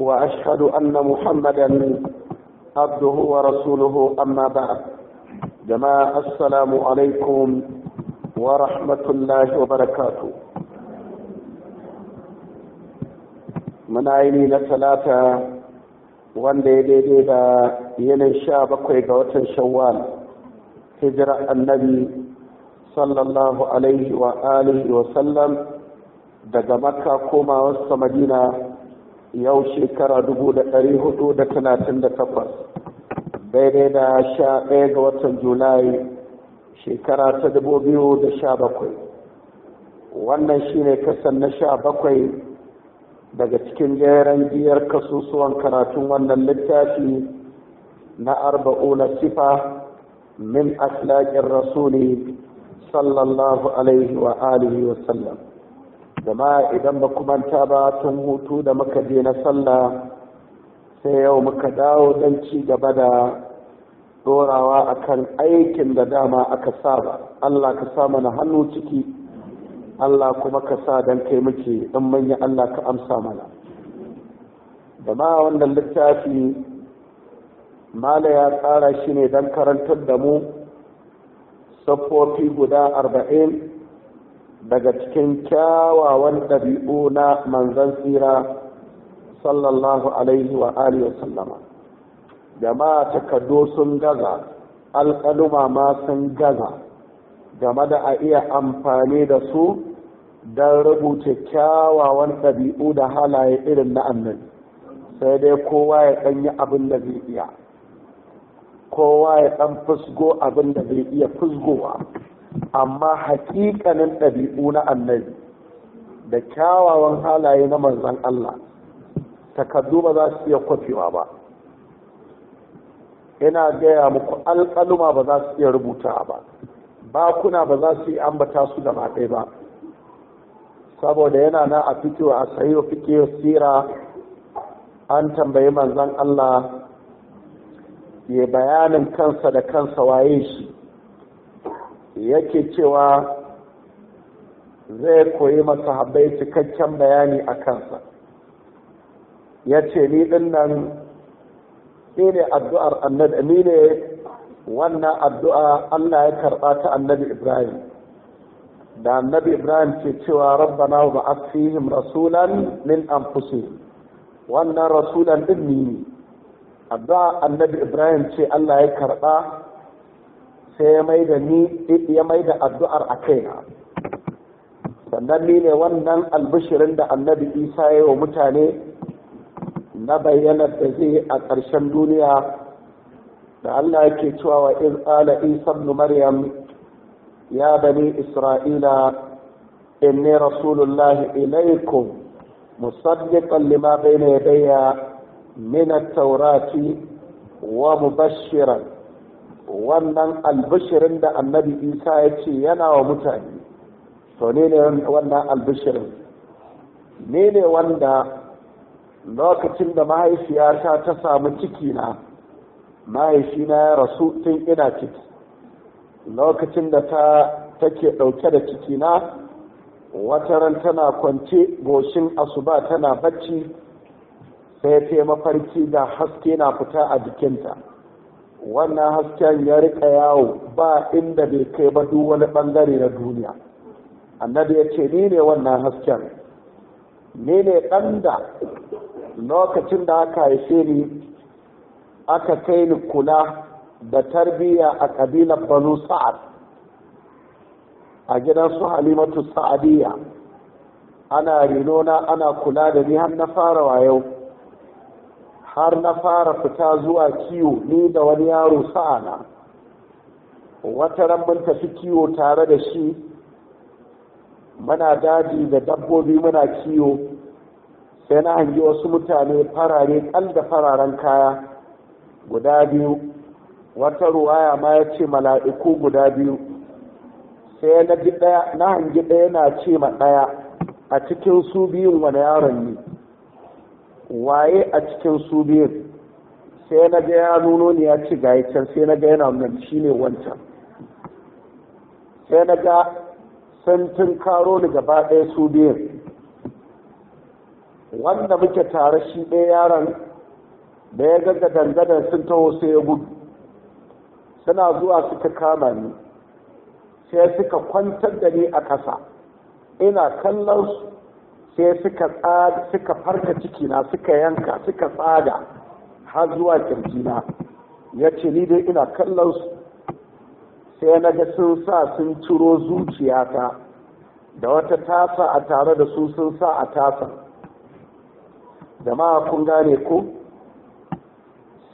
واشهد ان محمدا عبده ورسوله اما بعد جماعه السلام عليكم ورحمه الله وبركاته من عيني ثلاثة وان دي دي دي دا ينن شابكوي غوتن شوال هجرة النبي صلى الله عليه وآله وسلم دا مكة كوما وسط مدينه yau shekara dubu da ɗari hudu da talatin da takwas daidai da sha ɗaya ga watan julai shekara ta dubu biyu da sha bakwai wannan shine kasan na sha bakwai daga cikin jeren biyar kasusuwan karatun wannan littafi na arba'una sifa min aslaƙin rasuli sallallahu alaihi wa alihi wa sallam gama idan ba manta ba tun hutu da muka je na sallah sai yau muka dawo don ci gaba da dorawa akan aikin da dama aka saba Allah ka sa mana hannu ciki Allah kuma ka sa don kai muke in manya Allah ka amsa mana da ma wannan littafi mala ya tsara shi ne don karantar da mu safofi guda arba'in daga cikin kyawawan ɗabi'u na manzan tsira sallallahu alaihi wa alihi sallama jama'a takardu sun gaza alƙaluma ma sun gaza game da a iya amfani da su don rubuta kyawawan ɗabi'u da halaye irin na annan sai dai kowa ya ɗan abin da zai iya kowa ya ɗan fusgo abin da zai iya fusgowa amma hakikanin ɗabi'u na annabi da kyawawan halaye na manzan Allah takardu ba za su iya kwafewa ba ina gaya muku alƙaluma ba za su iya rubuta ba bakuna ba za su yi ambata su da maɗai ba saboda yana na a fitowa a sayo fike sira an tambayi manzan Allah ya bayanin kansa da kansa waye shi yake cewa zai koyi masa habai cikakken bayani a kansa ya ce ni ɗin nan ni ne addu'ar annabi ni ne wannan addu'a Allah ya karɓa ta annabi Ibrahim da annabi Ibrahim ke cewa rabbana wa ba'ath fihim rasulan min anfusihim wannan rasulan din ni addu'a annabi Ibrahim ce Allah ya karɓa sai ya mai da ni ya mai da addu'ar a kaina sannan ni ne wannan albishirin da annabi isa ya wa mutane na bayyanar da zai a ƙarshen duniya da allah yake cewa wa in ala isa ibn maryam ya bani isra'ila inni rasulullahi ilaikum musaddiqan lima bayna yadayya min at-taurati wa mubashiran wannan albishirin da annabi isa ya ce yana wa mutane to ne ne wannan albishirin ne ne wanda lokacin da mahaifiyata ta samu cikina mahaifina ya rasu tun ina ciki lokacin da ta take ɗauke da cikina wata ran tana kwance goshin asuba tana bacci sai ta mafarki da haske na fita a jikinta wannan hasken ya rika yawo ba inda bai kai ba duk wani bangare na duniya annabi ya ce ni ne wannan hasken ni ne ɗan da lokacin da aka haife ni aka kai ni kula da tarbiyya a ƙabilar banu sa'ad a gidan su halimatu sa'adiyya ana rinona, ana kula da ni har na fara wa har na fara fita zuwa kiwo ne da wani yaro sa'ana wata ran mun tafi kiwo tare da shi mana daji da dabbobi muna kiwo sai na hangi wasu mutane farare kal da fararen kaya guda biyu wata ruwaya ma ya ce mala'iku guda biyu sai na hangi ɗaya na ce ma ɗaya a cikin su biyun wani yaron ne waye a cikin su biyu sai na ga ya nuno ni ya ci ga can sai na ga yana nan shi ne wancan sai na ga sun karo ni gaba ɗaya su biyu wanda muke tare shi ɗaya yaron da ya ga gadangadan sun taho sai ya gudu suna zuwa suka kama ni sai suka kwantar da ni a ƙasa ina kallon su sai suka tsada suka farka cikina suka yanka suka tsada har zuwa na ya ce ni dai ina kallon su sai na ga sun sa sun ciro zuciyata da wata tasa a tare da su sun sa a tasa jama'a kun gane ko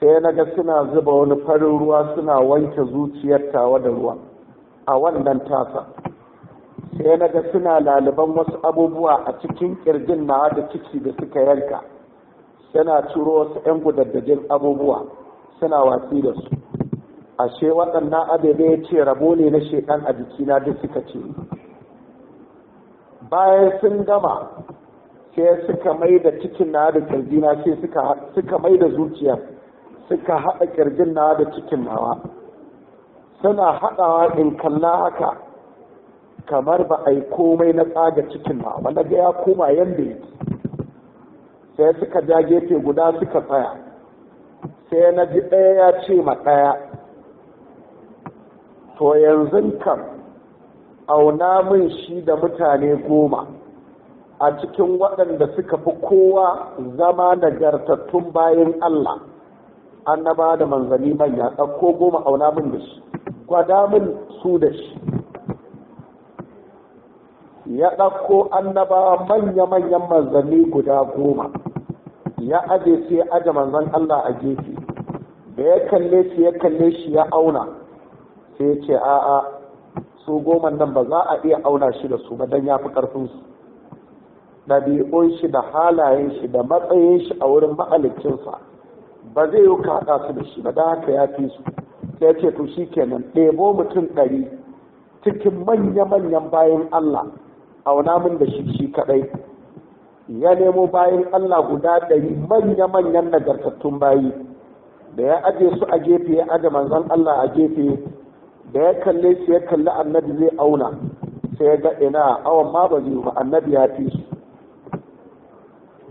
sai na ga suna zuba wani farin ruwa suna wanke zuciyar tawa da ruwa a wannan tasa sai na ga suna laliban wasu abubuwa a cikin kirjin nawa da ciki da suka yanka suna turo wasu 'yan gudaddajin abubuwa suna watsi da su ashe waɗannan abebe ya ce rabo ne na shekan a jikina duk suka ce bayan sun gama sai suka mai da cikin na da kirjina sai suka mai da zuciya suka haɗa kirjin na da cikin nawa suna haɗawa in kalla haka kamar ba a yi komai na tsaga cikin ba wanda ga ya koma yadda yake sai suka ja gefe guda suka tsaya sai na ji ɗaya ya ce ma ɗaya to yanzu kam auna min shi da mutane goma a cikin waɗanda suka fi kowa zama nagartattun bayan Allah an annaba da manzanni manya ɗauko goma auna min da shi gwada min su da shi ya ɗauko annabawa manya-manyan manzanni guda goma ya aje sai aje manzan Allah a gefe da ya kalle shi ya kalle shi ya auna sai ce a'a su goma nan ba za a iya auna shi da su ba don ya fi ƙarfinsu ɗabi'un shi da halayen shi da matsayin shi a wurin ma'alikinsa, ba zai yi ka haɗa su da shi ba don haka ya fi su sai ce to shi kenan ɗebo mutum ɗari cikin manya-manyan bayan Allah auna min da shi shi kaɗai, ya nemo bayan Allah guda ɗari manya-manyan nagartattun bayi da ya aje su a gefe ya aje manzon Allah a gefe da ya kalle su ya kalli annabi zai auna sai ya ga ina awon ma ba zai annabi ya fi su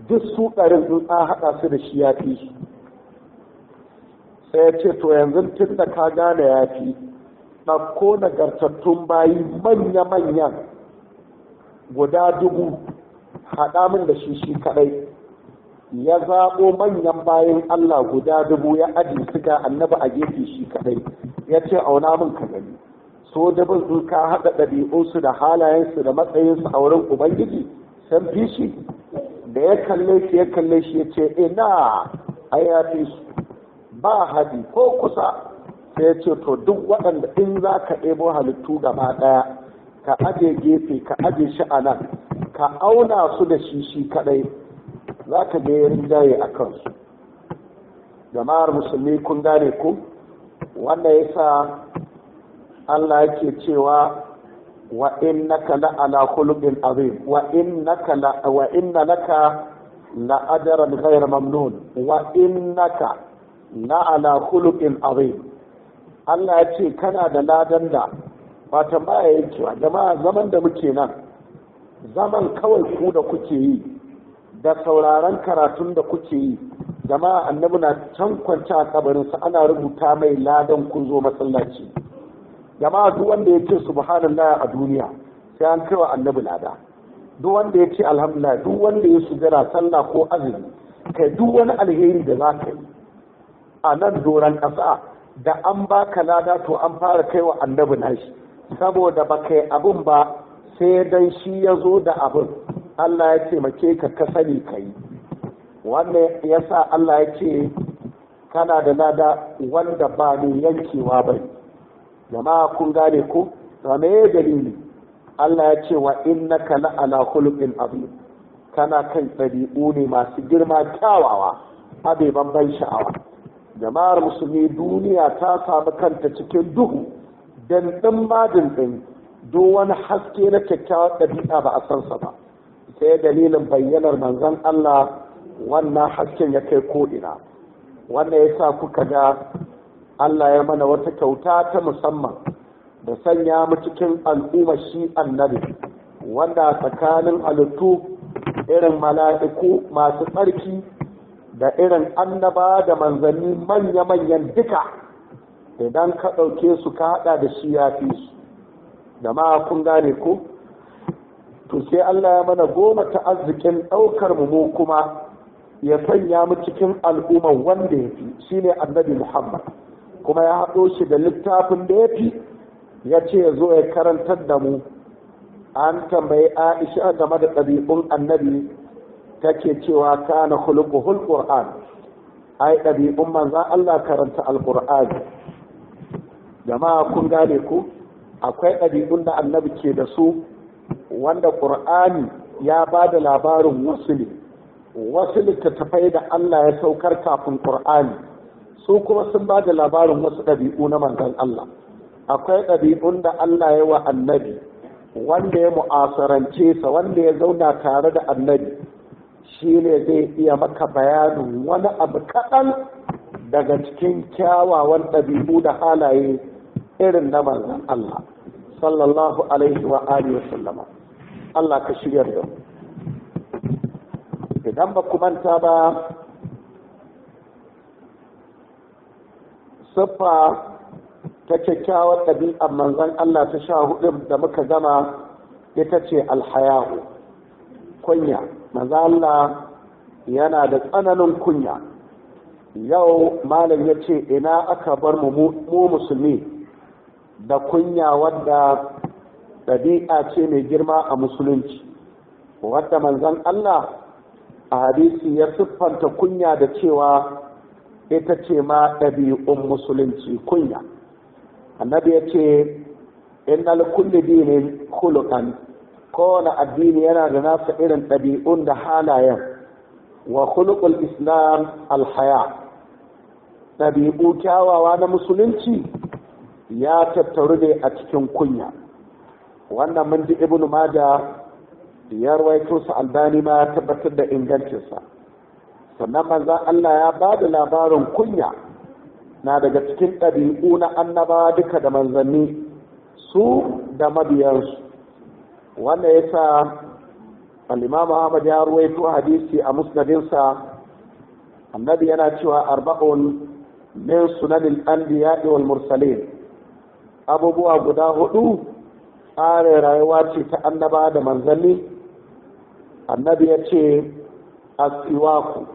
duk su ɗarin sun an haɗa su da shi ya fi su sai ya ce to yanzu tun da ka gane ya fi ɗauko nagartattun bayi manya-manyan guda dubu haɗa min da shi shi kaɗai ya zaɓo manyan bayan Allah guda dubu ya ajiye su ga annabi a gefe shi kaɗai ya ce auna min ka gani so bin su ka haɗa ɗabi'unsu da halayensu da matsayinsu a wurin ubangiji san fi shi da ya kalle shi ya kalle shi ya ce ina a ya fi su ba hadi ko kusa sai ya ce to duk waɗanda in za ka ɗebo halittu gaba ɗaya ka aje gefe ka aje shi a nan ka auna su da shi shi kadai za ka ga yarin rinjaye a kansu jama'ar musulmi kun gane ku wanda ya sa allah yake cewa wa innaka la ala khuluqin azim wa la wa inna laka la ajran ghayr mamnun wa innaka la ala khuluqin azim Allah ya ce kana da ladan da fatan ba ya jama'a zaman da muke nan zaman kawai ku da kuke yi da sauraron karatun da kuke yi jama'a annabi na can kwance a kabarinsa ana rubuta mai ladan kun zo masallaci jama'a duk wanda ya ce subhanallah a duniya sai an kai wa annabi lada duk wanda ya ce alhamdulillah duk wanda ya sujjara sallah ko azumi kai duk wani alheri da za ka yi a nan doron ƙasa da an baka lada to an fara kai wa annabi nashi saboda ba kai abun ba sai dan shi ya zo da abun Allah ya ce make ka ka sani ka yi wannan ya sa Allah ya ce kana da nada wanda ba ni yankewa ba jama'a kun gane ko me ya dalili Allah ya ce wa na ka ala khuluqin abu? kana kan ɗabi'u ne masu girma kyawawa abeban ban sha'awa jama'ar musulmi duniya ta samu kanta cikin duhu dantsin ma dantsin duk wani haske na kyakkyawar ɗabi'a ba a san sa ba sai dalilin bayyanar manzon Allah wannan hasken ya kai ko'ina wannan ya sa kuka ga Allah ya mana wata kyauta ta musamman da sanya mu cikin al'umma shi annabi wanda tsakanin halittu irin mala'iku masu tsarki da irin annaba da manzanni manya-manyan duka idan ka ɗauke su ka haɗa da shi ya fi su da ma kun gane ko to sai Allah ya mana goma ta arzikin ɗaukar mu mu kuma ya sanya mu cikin al'umma wanda ya fi ne annabi Muhammad kuma ya haɗo shi da littafin da ya fi ya ce ya zo ya karantar da mu an tambayi Aisha game da ɗabi'un annabi take cewa kana hulƙu hulƙu ai ɗabi'un manzan Allah karanta al jama'a kun gane ku akwai ɗabi'un da annabi ke da su wanda ƙur'ani ya ba da labarin wasuli wasu littattafai da Allah ya saukar kafin ƙur'ani su kuma sun ba da labarin wasu ɗabi'u na manzan Allah akwai ɗabi'un da Allah ya wa annabi wanda ya mu'asarance sa wanda ya zauna tare da annabi shi ne zai iya maka bayanin wani abu kaɗan daga cikin kyawawan ɗabi'u da halaye irin na manzan Allah sallallahu alaihi wa wa sallama Allah ka shiryar da idan ba ku manta ba siffa ta kyakkyawar ɗabi'ar manzan Allah ta sha hudu da muka gama ita ce alhayahu kunya manzan Allah yana da tsananin kunya yau malam ya ce ina aka bar mu musulmi da kunya wadda ɗabi'a ce mai girma a musulunci wadda manzon Allah a hadisi ya siffanta kunya da cewa ita ce ma ɗabi'un musulunci kunya annabi ya ce innal kulli dinin khuluqan kowane addini yana da nasa irin ɗabi'un da halayen wa khuluqul islam alhaya ɗabi'u kyawawa na musulunci ya tattaru ne a cikin kunya wannan mun ji ibn maja ya rawaito su albani ma ya tabbatar da ingancinsa sannan manza Allah ya ba da labarin kunya na daga cikin ɗabi'u na annaba duka da manzanni su da mabiyansu wanda ya sa al'imamu Ahmad ya ruwaito hadisi a musnadinsa annabi yana cewa arba'un min sunanil anbiya'i mursalin abubuwa guda hudu tsarin rayuwa ce ta annaba da manzanni annabi ya ce asiwaku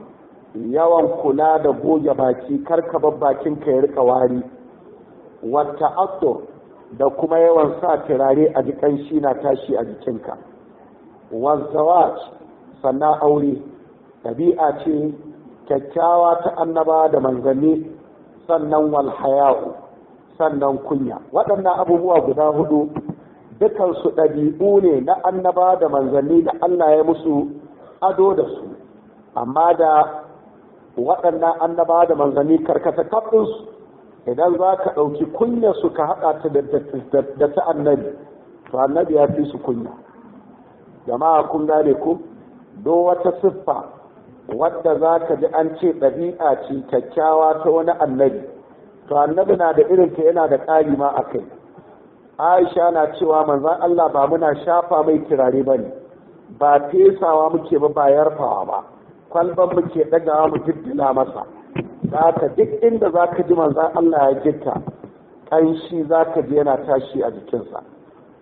yawan kula da goge baki karka bakin ka ya rika wari wata akto da kuma yawan sa turare a jikan shi na tashi a jikinka wazzawaj sannan aure ɗabi'a ce kyakkyawa ta annaba da manzanni sannan walhaya'u sannan kunya waɗannan abubuwa guda hudu dukansu ɗabi'u ne na annaba da manzanni da Allah ya musu ado da su amma da waɗannan annaba da manzanni karkata kafinsu idan za ka ɗauki kunyarsu ka haɗa ta da ta annabi to annabi ya fi su kunya jama'a kun gane ku do wata siffa wadda za ka ji an ce ɗabi'a ce kyakkyawa ta wani annabi to annabi na da irin ta yana da ƙari ma a kai aisha na cewa manzan allah ba muna shafa mai kirare ba ne ba fesawa muke ba ba yarfawa ba kwalban muke ɗagawa mu jiddila masa za ka duk inda za ka ji manzan allah ya jitta ƙanshi za ka ji yana tashi a jikinsa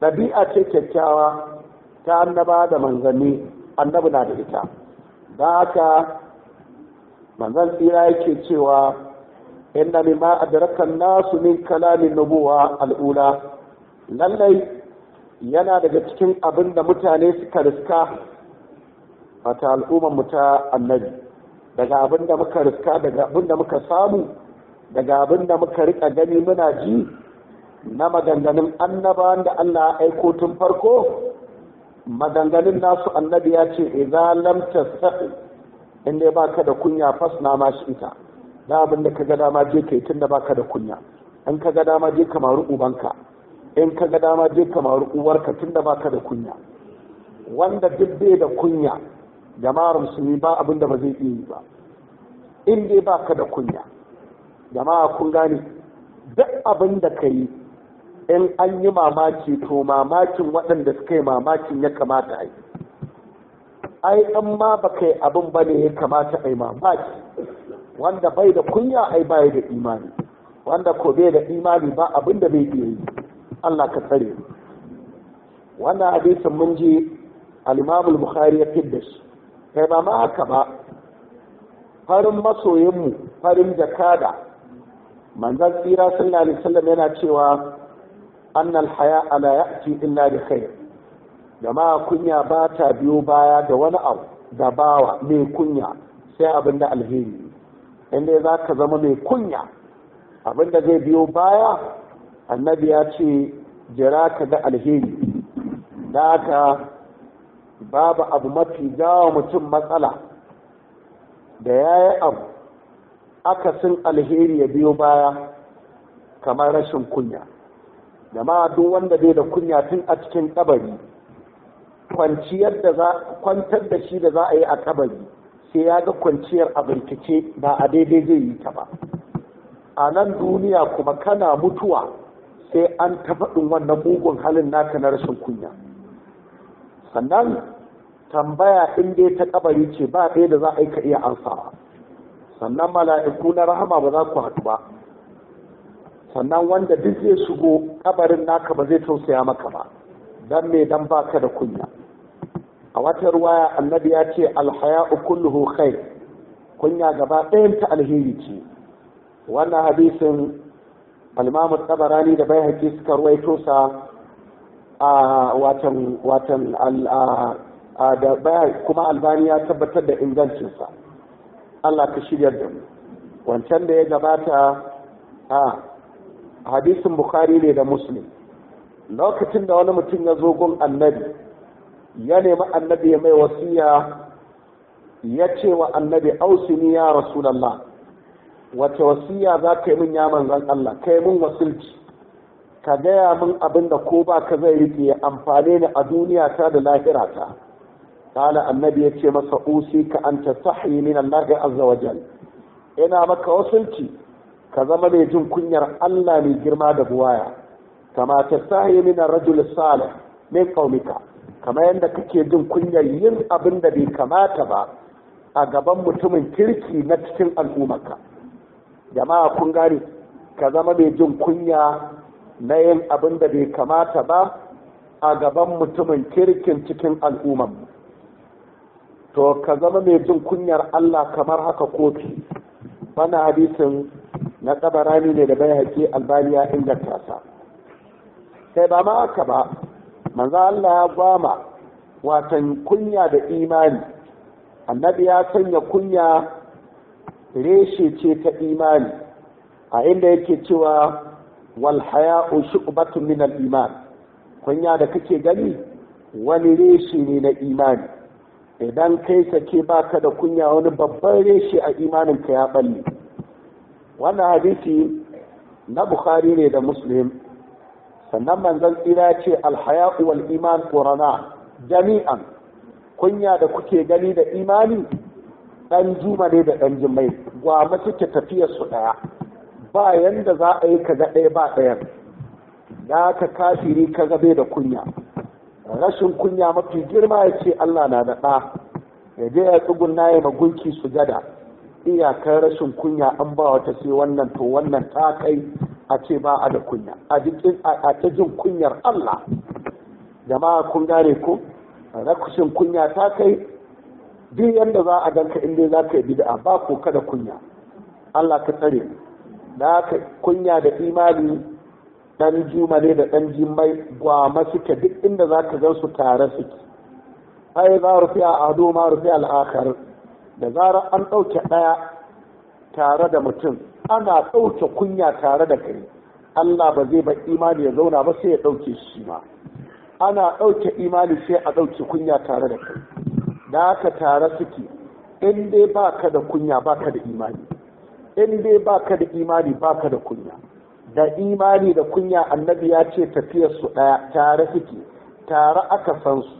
ɗabi'a ce kyakkyawa ta annaba da manzanni annabi na da ita da haka manzan tsira yake cewa inna lima adraka nasu min kalamin nubuwa al'ula lallai yana daga cikin abin da mutane suka riska a ta al'ummar mu ta annabi daga abin da muka riska daga abin da muka samu daga abin da muka rika gani muna ji na maganganun annaba da Allah ya aiko tun farko maganganun nasu annabi ya ce idza lam tasta in ba baka da kunya fasna ma shi ita na abin da ka ga dama je ka yi baka da kunya in ka ga dama je ka maru ubanka in ka ga dama je ka maru uwarka tunda baka da kunya wanda duk bai da kunya jama'ar musulmi ba abin da ba zai iya yi ba in dai baka da kunya jama'a kun gane duk abin da ka yi in an yi mamaki to mamakin waɗanda suka yi mamakin ya kamata a yi ai an ma ba yi abin ba ne ya kamata a yi mamaki wanda bai da kunya ai bai da imani wanda ko bai da imani ba abinda bai iya yi Allah ka tsare wannan hadisin mun ji al-Imam al-Bukhari ya fidda shi kai ba ma haka ba farin mu farin jakada manzon tsira sallallahu alaihi wasallam yana cewa annal haya ala ya'ti illa bi khair jama'a kunya ba ta biyo baya da wani abu da bawa mai kunya sai abin da alheri inda za ka zama mai kunya abinda zai biyo baya annabi ya ce jira ka ga alheri da ka, babu abu mafi gawa mutum matsala da ya yi abu Aka sun alheri ya biyo baya kamar rashin kunya jama'a duk wanda bai da kunya tun a cikin kabari kwanciyar da za kwantar da shi da za a yi a kabari sai ya ga kwanciyar a ba a daidai zai yi ta ba a nan duniya kuma kana mutuwa sai an tafaɗin ɗin wannan mugun halin naka na rashin kunya sannan tambaya in dai ta kabari ce ba ɗaya da za a yi ka iya ansawa sannan mala'iku na rahama ba za ku haɗu ba sannan wanda duk zai shigo ƙabarin naka ba zai tausaya maka ba dan me dan baka da kunya a wata ruwaya annabi ya ce alhaya'u kulluhu khair kunya gaba ɗayan ta alheri ce wannan hadisin al imam tabarani da bai suka ruwaito sa a watan watan da baya kuma albani ya tabbatar da ingancinsa Allah ka shirya da mu wancan da ya gabata a hadisin bukhari ne da muslim lokacin da wani mutum ya zo gun annabi ya nemi annabi ya mai wasiya ya ce wa annabi ausini ya rasulallah wace wasiya za ka yi min ya manzan Allah ka yi min wasilci ka gaya min abin da ko ba ka zai rike ya amfane ni a duniya ta da lahira ta kala annabi ya ce masa usi ka an ta sahi min Allah azza wa jal ina maka wasilci ka zama mai jin kunyar Allah mai girma da buwaya kama ta sahi min rajul salih min qaumika kamar yadda kake jin kunyar yin abin da bai kamata ba a gaban mutumin kirki na cikin al'ummarka jama'a kun gane ka zama mai jin kunya na yin abin da bai kamata ba a gaban mutumin kirkin cikin al'ummar to ka zama mai jin kunyar Allah kamar haka kofi Bana hadisin na tsabarani ne da bai haƙi albaniya inganta sa sai ba ma aka ba manzo Allah ya bama watan kunya da imani annabi ya sanya kunya reshe ce ta imani a inda yake cewa wal haya'u shu'batun min al iman kunya da kake gani wani reshe ne na imani idan kai sake baka da kunya wani babban reshe a imaninka ya balle wannan hadisi na bukhari ne da muslim sannan manzon tsira ya ce alhaya'u wal iman qurana jami'an kunya da kuke gani da imani dan juma ne da dan jimai gwama suke tafiyar su daya ba yanda za a yi ka ga ɗaya ba ɗayan da ka kafiri ka bai da kunya rashin kunya mafi girma ya ce Allah na da ɗa ya je ya tsugunna ya magunki sujada iyakar rashin kunya an ba wata sai wannan to wannan ta kai a ce ba a da kunya a ta jin kunyar Allah jama'a kun gane ku? rakushin kunya ta kai duk yadda za a danka inda za ka yi bid'a ba ko kada kunya Allah ka tsare da ka kunya da imani dan juma ne da dan jimmai gwama suke duk inda za ka gan su tare suke ai za rufiya a ma rufiya al'akar da zarar an ɗauke ɗaya tare da mutum ana ɗauke kunya tare da kai Allah ba zai bar imani ya zauna ba sai ya ɗauke shi ma ana ɗauke imani sai a ɗauke kunya tare da kai da haka tare suke in dai ba ka da kunya ba ka da imani in dai ba ka da imani ba ka da kunya da imani da kunya annabi ya ce tafiyarsu ɗaya tare suke tare aka san su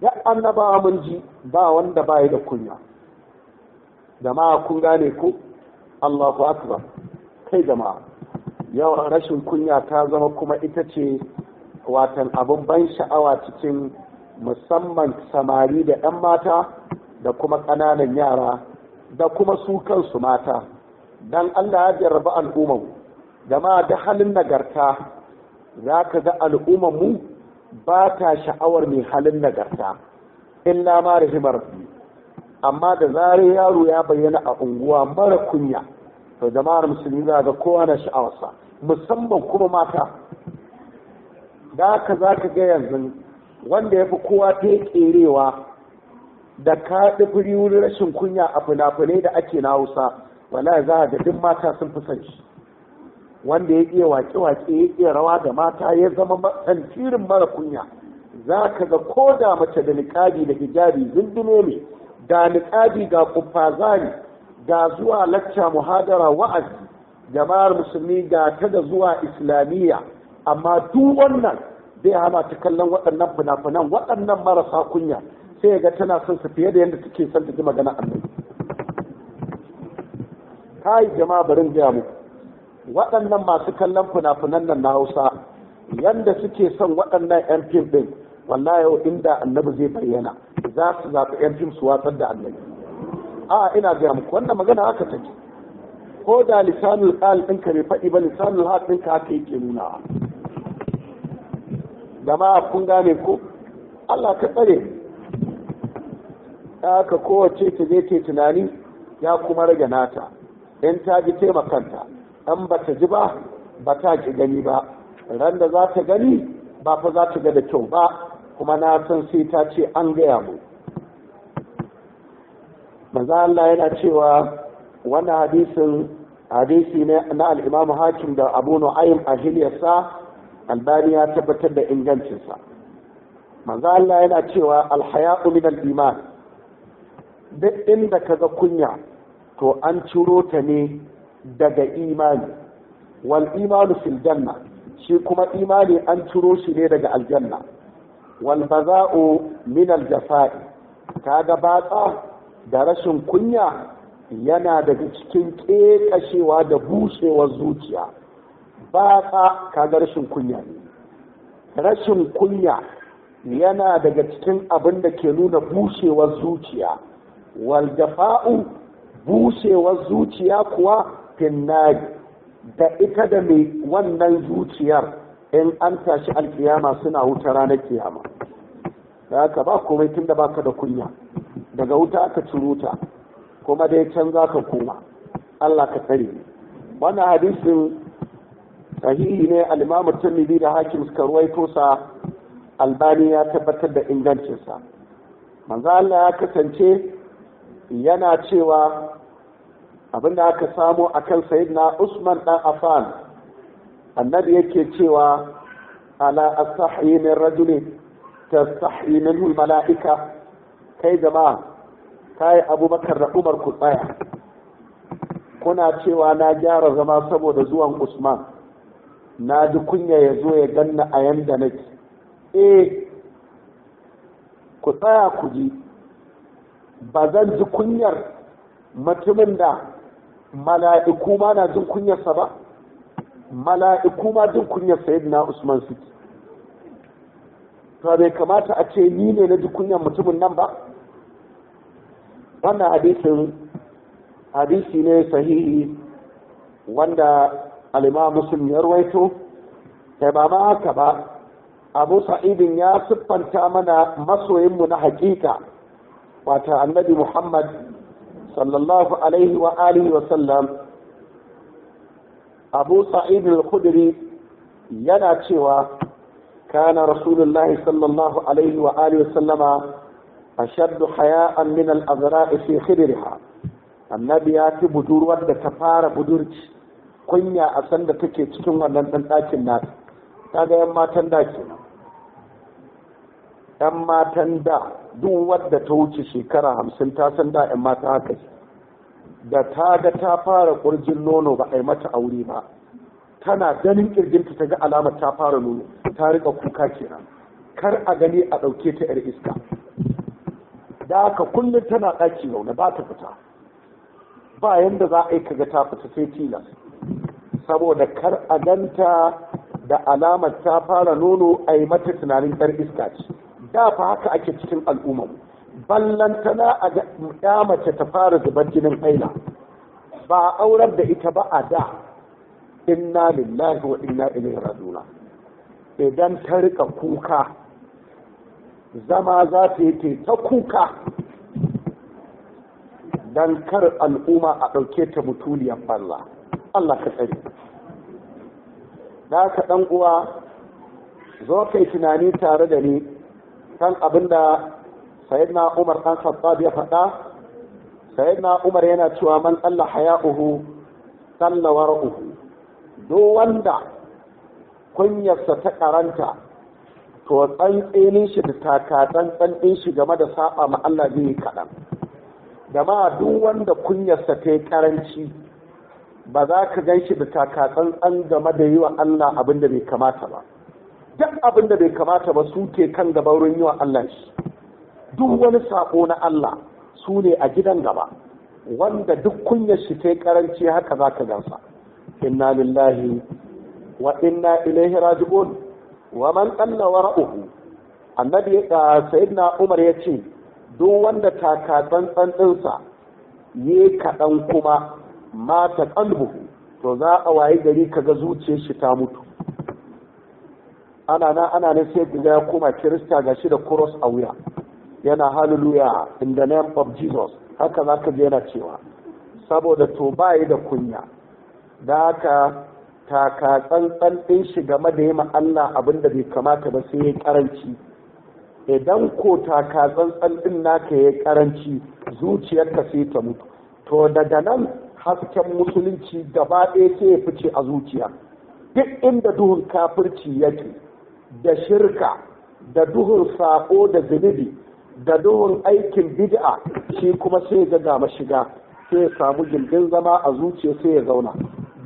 ya annaba mun ji ba wanda bayi da kunya jama'a kun gane ku, Allahu akbar kai jama'a Yau rashin kunya ta zama kuma ita ce watan abin ban sha'awa cikin musamman samari da 'yan mata da kuma ƙananan yara da kuma su kansu mata don Allah ya jarraba al'umman jama'a da halin nagarta za ka ga mu? ba ta sha'awar mai halin nagarta illa ma rahimar amma da zarar yaro ya bayyana a unguwa mara kunya to jama'ar musulmi za ga kowa na sha'awarsa musamman kuma mata da haka za ka ga yanzu wanda ya fi kowa ta kerewa da ka ɗi wurin rashin kunya a fina-finai da ake na hausa wala za ga duk mata sun fi son shi wanda ya iya waƙe-waƙe ya iya rawa da mata ya zama tantirin mara kunya za ka ga ko da mace da niƙabi da hijabi zindime ne da niƙabi ga kufazani ga zuwa lacca muhadara wa'azi jama'ar musulmi ga ta da zuwa islamiyya amma duk wannan zai hana ta kallon waɗannan fina-finan waɗannan marasa kunya sai ga tana son su fiye da yadda take son ta ji magana annabi kai jama'a barin gaya waɗannan masu kallon fina-finan nan na hausa yadda suke son waɗannan 'yan fim ɗin wannan yau inda annabi zai bayyana za su zaɓi 'yan fim su watsar da annabi a ina gaya muku wannan magana haka take ko da lisanul qal ɗinka bai faɗi ba lisanul haɗin ɗinka haka yake nuna gama kun gane ko Allah ka tsare haka kowace ta je ke tunani ya kuma rage nata in ta ji taimakanta an ba ta ji ba ba ta ki gani ba ran da za ta gani ba fa za ta ga da kyau ba kuma na san sai ta ce an gaya mu maza Allah yana cewa wannan hadisin hadisi ne na al'imamu Hakim da Abu Nu'aym a hiliyarsa Albani ya tabbatar da ingancinsa Maza Allah yana cewa alhaya hayau min al-iman duk inda ga kunya to an ciro ta ne daga imani wal imanu fil janna shi kuma imani an ciro shi ne daga aljanna wal baza'u min al jafa'i kaga batsa da rashin kunya yana daga cikin kekashewa da bushewar zuciya batsa kaga rashin kunya ne rashin kunya yana daga cikin abin da ke nuna bushewar zuciya wal jafa'u bushewar zuciya kuwa fin nari da ita da mai wannan zuciyar in an tashi alkiyama suna wuta ranar kiyama da haka ba komai tun da baka da kunya daga wuta aka ciro ta kuma dai can za ka koma Allah ka tsare wannan hadisin sahihi ne alimamu imam Tirmidhi da Hakim suka ruwaito sa Albani ya tabbatar da ingancinsa manzo Allah ya kasance yana cewa Abin da aka samu a kan sayyidina Usman dan Afan, annabi yake cewa ala astahyi min rajuli tastahyi minhu malaika kai jama'a kai Abubakar da Umar ku tsaya kuna cewa na gyara zama saboda zuwan Usman na ji kunya ya zo ya ganna a yanda nake eh ku tsaya ku ji ba zan ji kunyar mutumin da mala'iku ma na jin kunyarsa ba mala'iku ma jin kunyar na usman suke to bai kamata a ce ni ne na ji kunyar mutumin nan ba wannan hadisin hadisi ne sahihi wanda alima muslim ya ruwaito sai ba ma haka ba abu sa'idin ya siffanta mana masoyinmu na hakika wata annabi muhammad sallallahu alaihi wa wa sallam abu sa'id al-khudri yana cewa kana rasulullahi sallallahu alaihi wa wa sallama ashaddu haya'an min al-azra'i fi khidriha annabi ya fi budurwar da ta fara budurci kunya a sanda take cikin wannan dan dakin yan matan yan matan da duk wadda ta wuce shekara hamsin ta san da yan mata haka da ta ga ta fara kurjin nono ba a yi mata aure ba tana ganin kirjinta ta ga alamar ta fara nono ta rika kuka kenan kar a gani a ɗauke ta yar iska da haka kullum tana ɗaki zaune ba ta fita ba yanda za a yi kaga ta fita sai tilas saboda kar a ganta da alamar ta fara nono a yi mata tunanin yar iska ce da fa haka ake cikin al'umma ballantana a ya mace ta fara zubar jinin aina ba aurar da ita ba a da inna lillahi wa inna ilaihi raji'un idan ta rika kuka zama za ta yi ta kuka dan kar al'umma a ɗauke ta mutuliyar banza Allah ka tsare da ka ɗan uwa zo kai tunani tare da ni kan abin da sayyidina Umar kan Khattab ya faɗa sayyidina Umar yana cewa man Allah haya'uhu salla uhu, duk wanda kunyarsa ta karanta to tsantsinin shi da takatsan tsantsin shi game da saba ma Allah zai yi kaɗan jama'a duk wanda kunyarsa ta yi karanci ba za ka gan shi da tsantsan game da yi wa Allah abin da bai kamata ba duk abin da bai kamata ba su ke kan gaba wurin yi wa Allah shi duk wani saƙo na Allah su ne a gidan gaba wanda duk kunya shi ta karanci haka za ka gansa inna lillahi wa inna ilaihi raji'un wa man qalla wara'uhu annabi eh, sayyidina umar ya ce duk wanda taka tsantsan ɗinsa ne kaɗan kuma mata kalbu to za a wayi gari kaga zuciyar shi ta mutu ana na ana na sai gida ya koma kirista ga shi da cross a wuya yana hallelujah in the name of jesus haka za ka cewa saboda to bayi da kunya da haka taka tsantsan ɗin shi game da yi Allah abin da bai kamata ba sai ya karanci idan ko taka tsantsan ɗin naka ya karanci zuciyarka sai ta mutu to daga nan hasken musulunci gaba ɗaya sai ya fice a zuciya duk inda duhun kafirci yake da shirka da duhun sako da zunubi da duhun aikin bid'a shi kuma sai ga gama mashiga sai ya samu gindin zama a zuciya sai ya zauna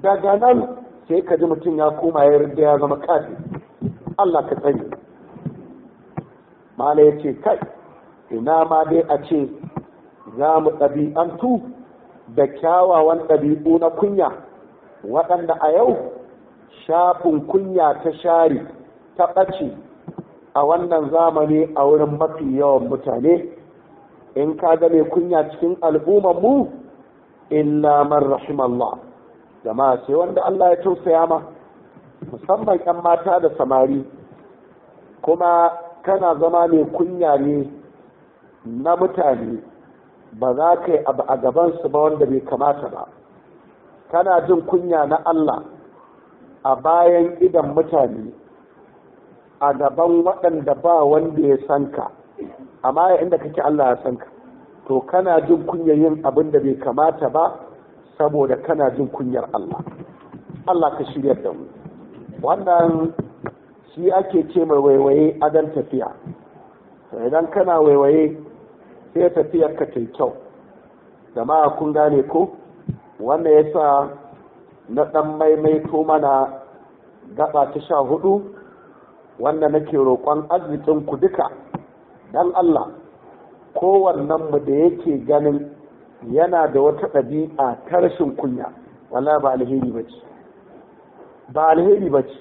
daga nan sai ka ji mutum ya koma ya rinda ya zama kafi Allah ka tsani mala ya ce kai ina ma dai a ce za mu ɗabi'antu da kyawawan ɗabi'u na kunya waɗanda a yau shafin kunya ta share ta ɓace a wannan zamani a wurin mafi yawan mutane in ka ga mai kunya cikin al'ummar mu illa man rahimallah jama'a sai wanda Allah ya tausaya ma musamman 'yan mata da samari kuma kana zama mai kunya ne na mutane ba za ka yi abu a gabansu ba wanda bai kamata ba kana jin kunya na Allah a bayan idan mutane a gaban waɗanda ba wanda ya san ka amma yayin da kake Allah ya san ka to kana jin kunyar yin abin da bai kamata ba saboda kana jin kunyar Allah Allah ka shirya da mu wannan shi ake ce mai waiwaye adan tafiya idan kana waiwaye sai tafiyar ka ta kyau jama'a kun gane ko wannan yasa na ɗan maimaito mana gaba ta sha hudu wanda nake roƙon arzikin ku duka dan Allah kowannen mu da yake ganin yana da wata ɗabi'a ta rashin kunya wallahi ba alheri ba ce ba alheri ba ce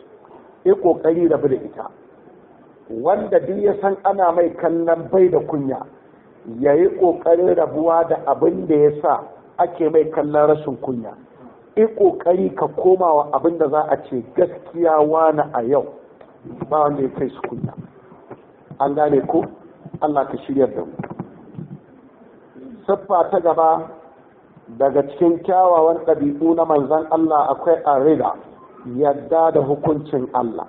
yi ƙoƙari rabu da ita wanda duk ya san ana mai kallon bai da kunya ya yi ƙoƙarin rabuwa da abin da ya sa ake mai kallon rashin kunya yi ƙoƙari ka komawa abin da za a ce gaskiya wani a yau ba wanda ya kai su kunya an gane ko Allah ka shirya da mu siffa ta gaba daga cikin kyawawan ɗabi'u na manzan Allah akwai arida yadda da hukuncin Allah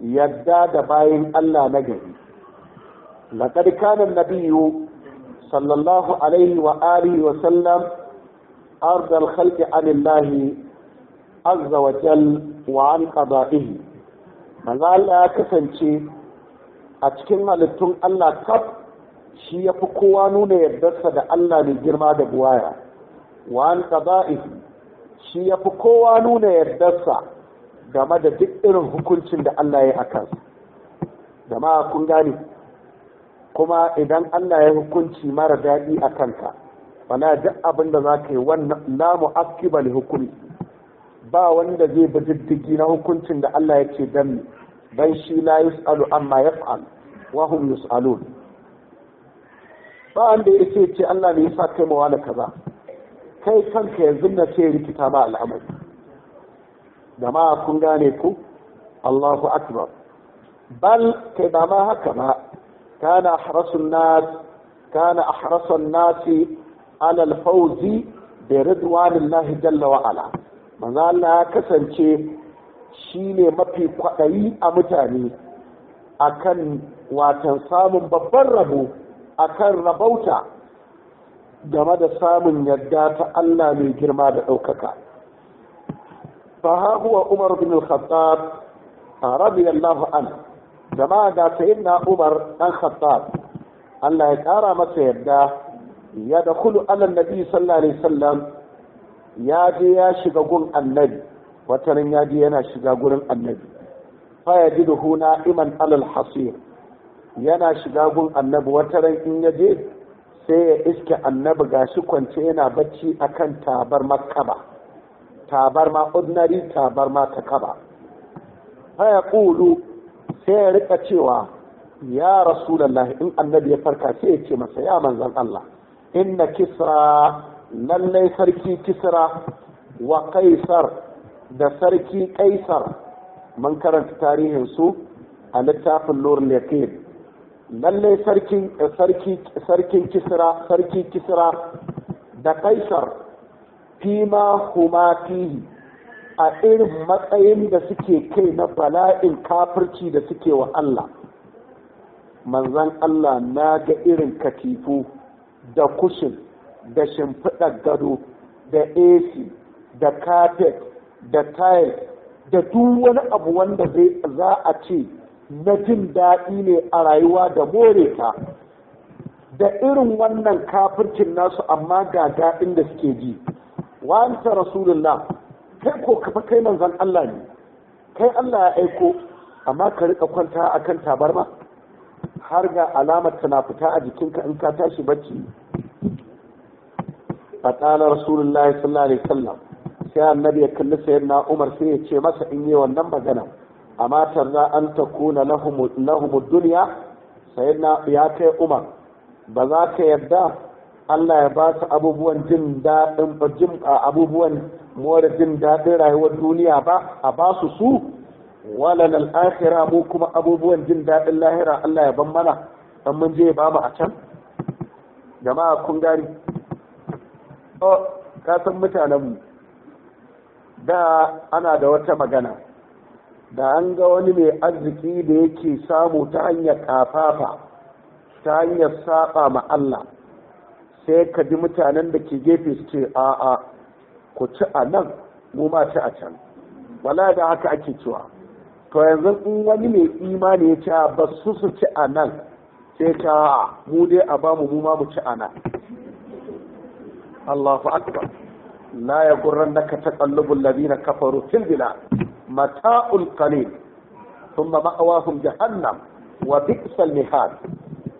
yadda da bayin Allah na gari laqad na nabiyu sallallahu alaihi wa alihi wa sallam أرض الخلق عن wa عز wa an قضائه manzo Allah ya kasance a cikin halittun Allah kaf shi ya fi kowa nuna yardarsa da Allah mai girma da buwaya wa an shi ya fi kowa nuna yardarsa game da duk irin hukuncin da Allah ya akan jama'a kun gane kuma idan Allah ya hukunci mara daɗi a kanka wana duk abin da za ka yi wannan la mu'aqqiba hukunci hukumi ba wanda zai bi diddigi na hukuncin da Allah ya ce dan dan shi la yus'alu amma yaf'al wa hum yus'alun ba wanda ya ce ce Allah ne ya sa kai mawa na kaza kai kanka yanzu na ce rikita ma al'amari jama'a kun gane ku Allahu akbar bal kai ba ma haka ba kana ahrasun nas kana ahrasun nasi ala al-fawzi bi ridwanillahi jalla wa ala manzo Allah ya kasance shi ne mafi kwaɗayi a mutane kan watan samun babban rabo akan rabauta game da samun yadda ta Allah mai girma da ɗaukaka fahahuwa Umar bin al-Khattab radiyallahu anhu jama'a da na Umar dan Khattab Allah ya ƙara masa yadda ya da kulu alan nabi sallallahu alaihi wasallam ya je ya shiga gun annabi wataran ya je yana shiga gurin annabi faya ji na iman alal hasir yana shiga gun annabi wataran in ya je sai ya iske annabi ga shi kwance yana bacci akan tabar makaba tabar ma ordinary tabar ma ta kaba faya kulu sai ya rika cewa ya rasulallah in annabi ya farka sai ya ce masa ya manzan Allah inna kisra lallai sarki kisra wa kaisar da sarki kaisar man karanta tarihin a littafin lurin lallai sarkin kisra sarki kisra da kaisar fima huma fihi a irin matsayin da suke kai na bala'in kafirci da suke wa Allah manzan Allah na ga irin katifu da kushin da shimfiɗar gado da ac da carpet da tile da duk wani abu wanda za a ce na jin daɗi ne a rayuwa da more ta da irin wannan kafircin nasu amma ga daɗin da suke ji wa'anta rasulullah kai ko kafa kai manzan Allah ne kai Allah ya aiko amma ka rika kwanta akan tabarma har ga alamar tana fita a jikinka in ka tashi bacci فقال رسول الله صلى الله عليه وسلم sai annabi ya kalli sayyidina Umar sai ya ce masa in yi wannan magana amma za an takuna lahum lahum dunya ya kai Umar ba za ka yarda Allah ya ba su abubuwan jin daɗin jin abubuwan more jin daɗin rayuwar duniya ba a ba su su walan al-akhirah mu kuma abubuwan jin daɗin lahira Allah ya ban mana dan mun je ba mu a can jama'a kun gari ka san mutanenmu da ana da wata magana da an ga wani mai arziki da yake samu ta hanyar kafafa ta hanyar saba ma Allah sai ka ji mutanen da ke gefe su ce a'a ku ci a nan mu ma ci a can wala da haka ake cewa to yanzu in wani mai imani ya ce ba su su ci a nan sai ka mu dai a bamu mu ma mu ci a nan الله أكبر لا يغرنك تقلب الذين كفروا في البلاد متاع القليل ثم مأواهم جهنم وبئس المهاد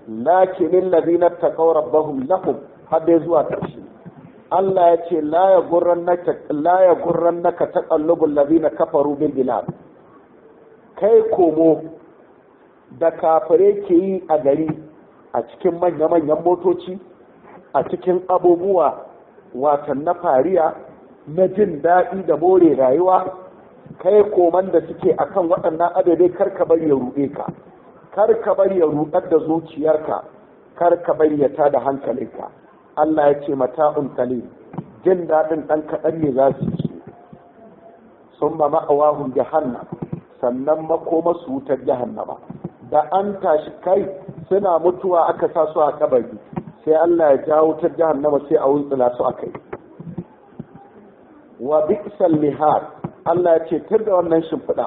لكن الذين اتقوا ربهم لهم هذه زوات الله يتي لا يغرنك لا يغرنك تقلب الذين كفروا بالبلاد كي كومو دا كافري كي أدري أتكين من يمان يموتوشي أتكين أبو موه watan na fariya na jin daɗi da more rayuwa kai koman da suke akan waɗannan adadai karka bari ya ruɗe ka karka bari ya ruɗar da zuciyarka karka bari ya ta da hankalinka Allah ya ce mata qalil jin daɗin ɗan kaɗan ne za su ci sun ba ma'awahun jahannam sannan makoma su wutar jahannama da an tashi kai suna mutuwa aka sa su a kabari sai Allah ya jawo ta jahannama sai a wuntsula su a kai wa bi'sal mihad Allah ya ce tar da wannan shimfiɗa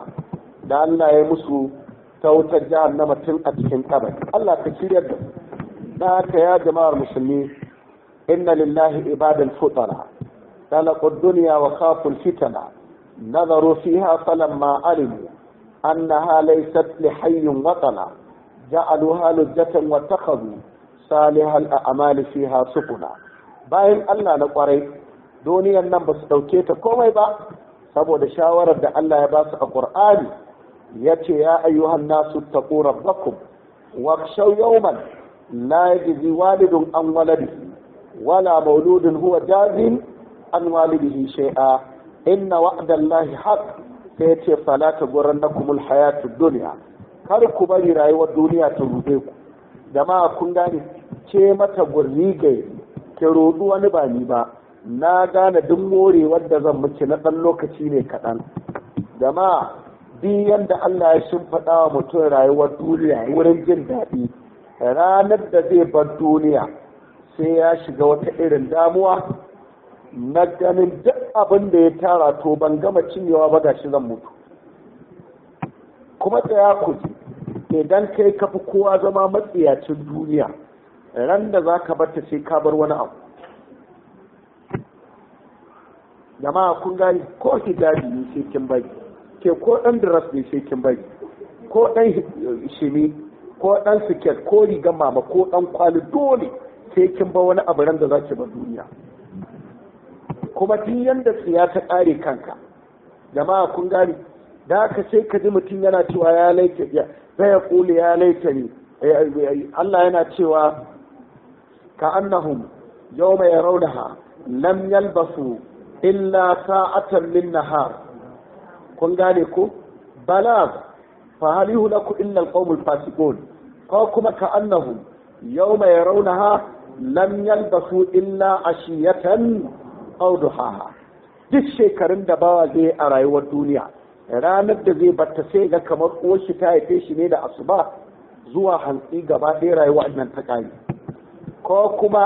da Allah ya musu ta wutar jahannama tun a cikin kabari Allah ka shiryar da na haka ya jama'ar musulmi inna lillahi ibadan futara dunya wa خلقوا الدنيا وخافوا الفتن نظروا فيها فلما علموا أنها ليست لحي وطنا جعلوها wa takhadhu salihal a'mali fiha sufuna bayan Allah na kwarai duniyan nan ba su ɗauke ta komai ba saboda shawarar da Allah ya ba su a Qur'ani yace ya ayyuhan nasu taqu rabbakum wakshaw yawman la yajzi walidun an waladihi wala mauludun huwa jazin an walidihi shay'a inna wa'dallahi haqq sai ya ce fala ta na kumul hayatu duniya kar ku bari rayuwar duniya ta rube ku jama'a kun gane ce mata gurri gai ki roɗu wani ba ni ba na gane duk morewar da zan miki na ɗan lokaci ne kaɗan gama duk yadda Allah ya shimfiɗa wa mutum rayuwar duniya wurin jin daɗi ranar da zai bar duniya sai ya shiga wata irin damuwa na ganin duk abin da ya tara to ban gama cinyewa ba gashi zan mutu kuma tsaya ku idan kai kafi kowa zama matsiyacin duniya ran da za ka bata sai ka bar wani abu jama'a kun gani ko hijabi ne sai kin bari ke ko dan dress ne sai kin bari ko dan shimi ko dan siket ko rigar mama ko dan kwali dole sai kin ba wani abu ran da za ki bar duniya kuma tun yanda tsiya ta kare kanka jama'a kun gani da aka sai ka ji mutum yana cewa ya laita ya zai kule ya laita ne eh, eh, Allah yana cewa كأنهم يوم يرونها لم يلبثوا إلا ساعة من نهار kun gane ko bala fa halihu lakum illa alqawmul fasiqun ko kuma ka annahum raunaha, yarawnaha lam yalbasu illa ashiyatan aw duhaha duk shekarun da bawa zai a rayuwar duniya ranar da zai bata sai ga kamar uwar shi ta haife shi ne da asuba zuwa hantsi gaba ɗaya rayuwa nan ta ƙare ko kuma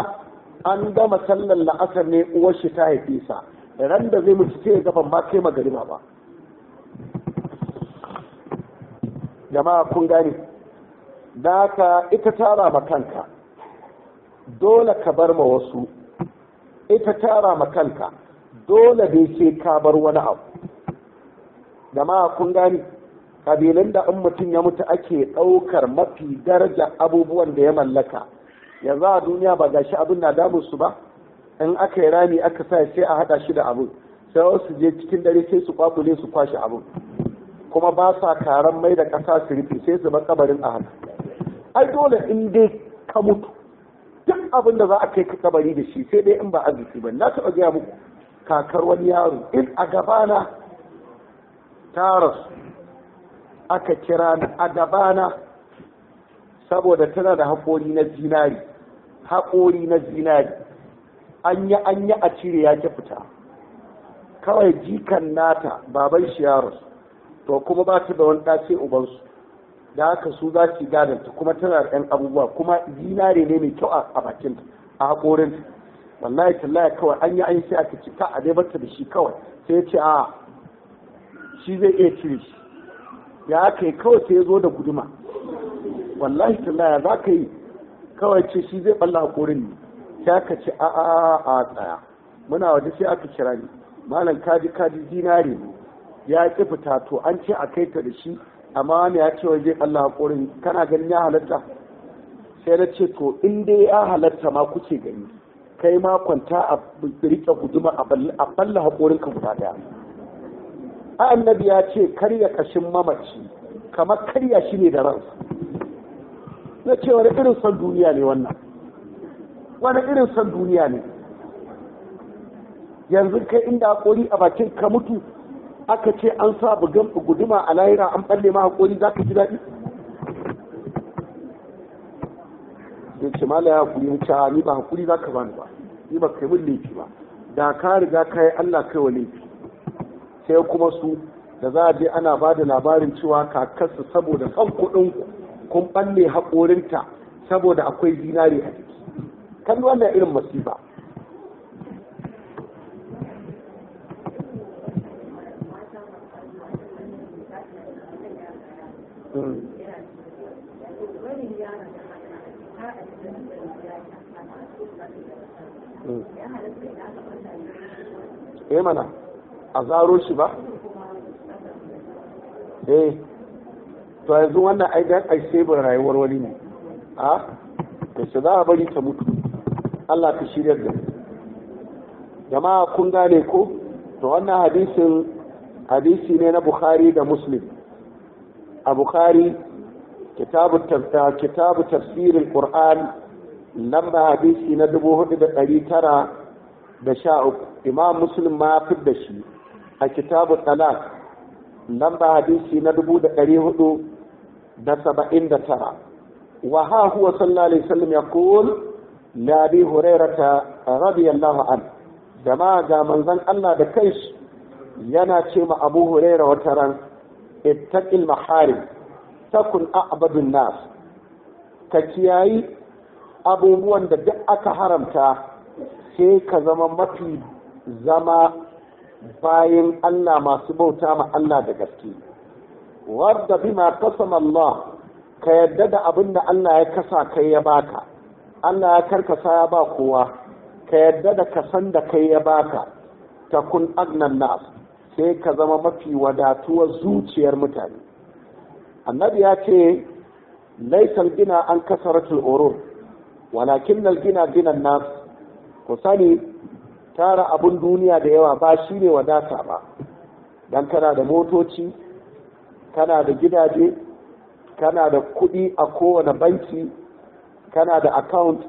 an gama sallar la'asar ne uwar shi ta haife sa ran da zai mutu ce ga ma kai magariba ba jama'a kun gane da ka ita tara ma kanka dole ka bar ma wasu ita tara ma kanka dole dai sai ka bar wani abu jama'a kun gane kabilin da in mutum ya mutu ake ɗaukar mafi daraja abubuwan da ya mallaka Ya za a duniya ba shi abin na damun su ba in aka yi rami aka sa sai a haɗa shi da abin sai wasu je cikin dare sai su kwakule su kwashe abin kuma ba sa karan mai da kasa su rufe sai su bar kabarin a haka ai dole in dai ka mutu duk abin da za a kai ka kabari da shi sai dai in ba arziki ba na taɓa gaya muku kakar wani yaro in a gabana ta rasu aka kira ni a gabana saboda tana da haƙori na zinari haƙori na zinari an yi an yi a cire ya ke fita kawai jikan nata baban shiyarus to kuma ba ta da wani ɗace ubansu da haka su za su gadanta kuma tana da 'yan abubuwa kuma zinare ne mai kyau a bakinta a haƙorinta wallahi tallaya kawai an yi an sai aka ci ta a dai da shi kawai sai ya ce a shi zai iya cire shi ya aka kawai sai ya zo da guduma wallahi tallaya za ka yi kawai ce shi zai balla haƙorin ne sai aka ce a a a tsaya muna waje sai aka kira ni malam kaji kaji dinari ne ya ƙi fita to an ce a kai ta da shi amma wani ya ce zai balla haƙorin kana ganin ya halatta sai na ce to in dai ya halatta ma kuke gani kai ma kwanta a riƙe guduma a balla haƙorin ka guda ɗaya annabi ya ce karya ƙashin mamaci kamar karya shi ne da ransa na ce wani irin son duniya ne wannan wani irin son duniya ne yanzu kai inda hakori a bakin ka mutu aka ce an sa bugan guduma a layira an balle ma hakori za ka ji daɗi da ce mala ya hakuri mu cewa ni ba hakuri za ka bani ba ni ba kai min laifi ba da ka riga ka yi Allah kai wa laifi sai kuma su da za a je ana ba da labarin cewa kakarsu saboda son kuɗin ku kun balle haƙorinta saboda akwai zinari a jiki kan wannan irin masifa hmm. Hmm. Eh mana, a zaro shi ba? Eh. to yanzu wannan ai dan ai sabon rayuwar wani ne a to sai za a bari ta mutu Allah ta shirya da jama'a kun gane ko to wannan hadisin hadisi ne na Bukhari da Muslim a Bukhari kitabu kitabu tafsirin Kur'an lamba hadisi na dubu hudu da ɗari tara da sha uku imam muslim ma fi da shi a kitabu talak lamba hadisi na dubu da ɗari hudu da saba'in da tara wa ha huwa sallallahu alaihi wasallam yaqul la bi hurairata radiyallahu an jama'a ga manzon Allah da kai yana ce ma Abu huraira wata ran ittaqil maharim takun a'badun nas ka kiyayi abubuwan da duk aka haramta sai ka zama mafi zama bayan Allah masu bauta ma Allah da gaske wadda bima qasama Allah ka yadda da abin da Allah ya kasa kai ya baka Allah ya karkasa ya ba kowa ka yadda da kasan da kai ya baka ta kun agnan nas sai ka zama mafi wadatuwar zuciyar mutane annabi ya ce laisal gina an kasaratul urur walakin nal gina ginan nas ku sani tara abun duniya da yawa ba shine wadata ba dan kana da motoci kana da gidaje kana da kuɗi a kowane banki kana da account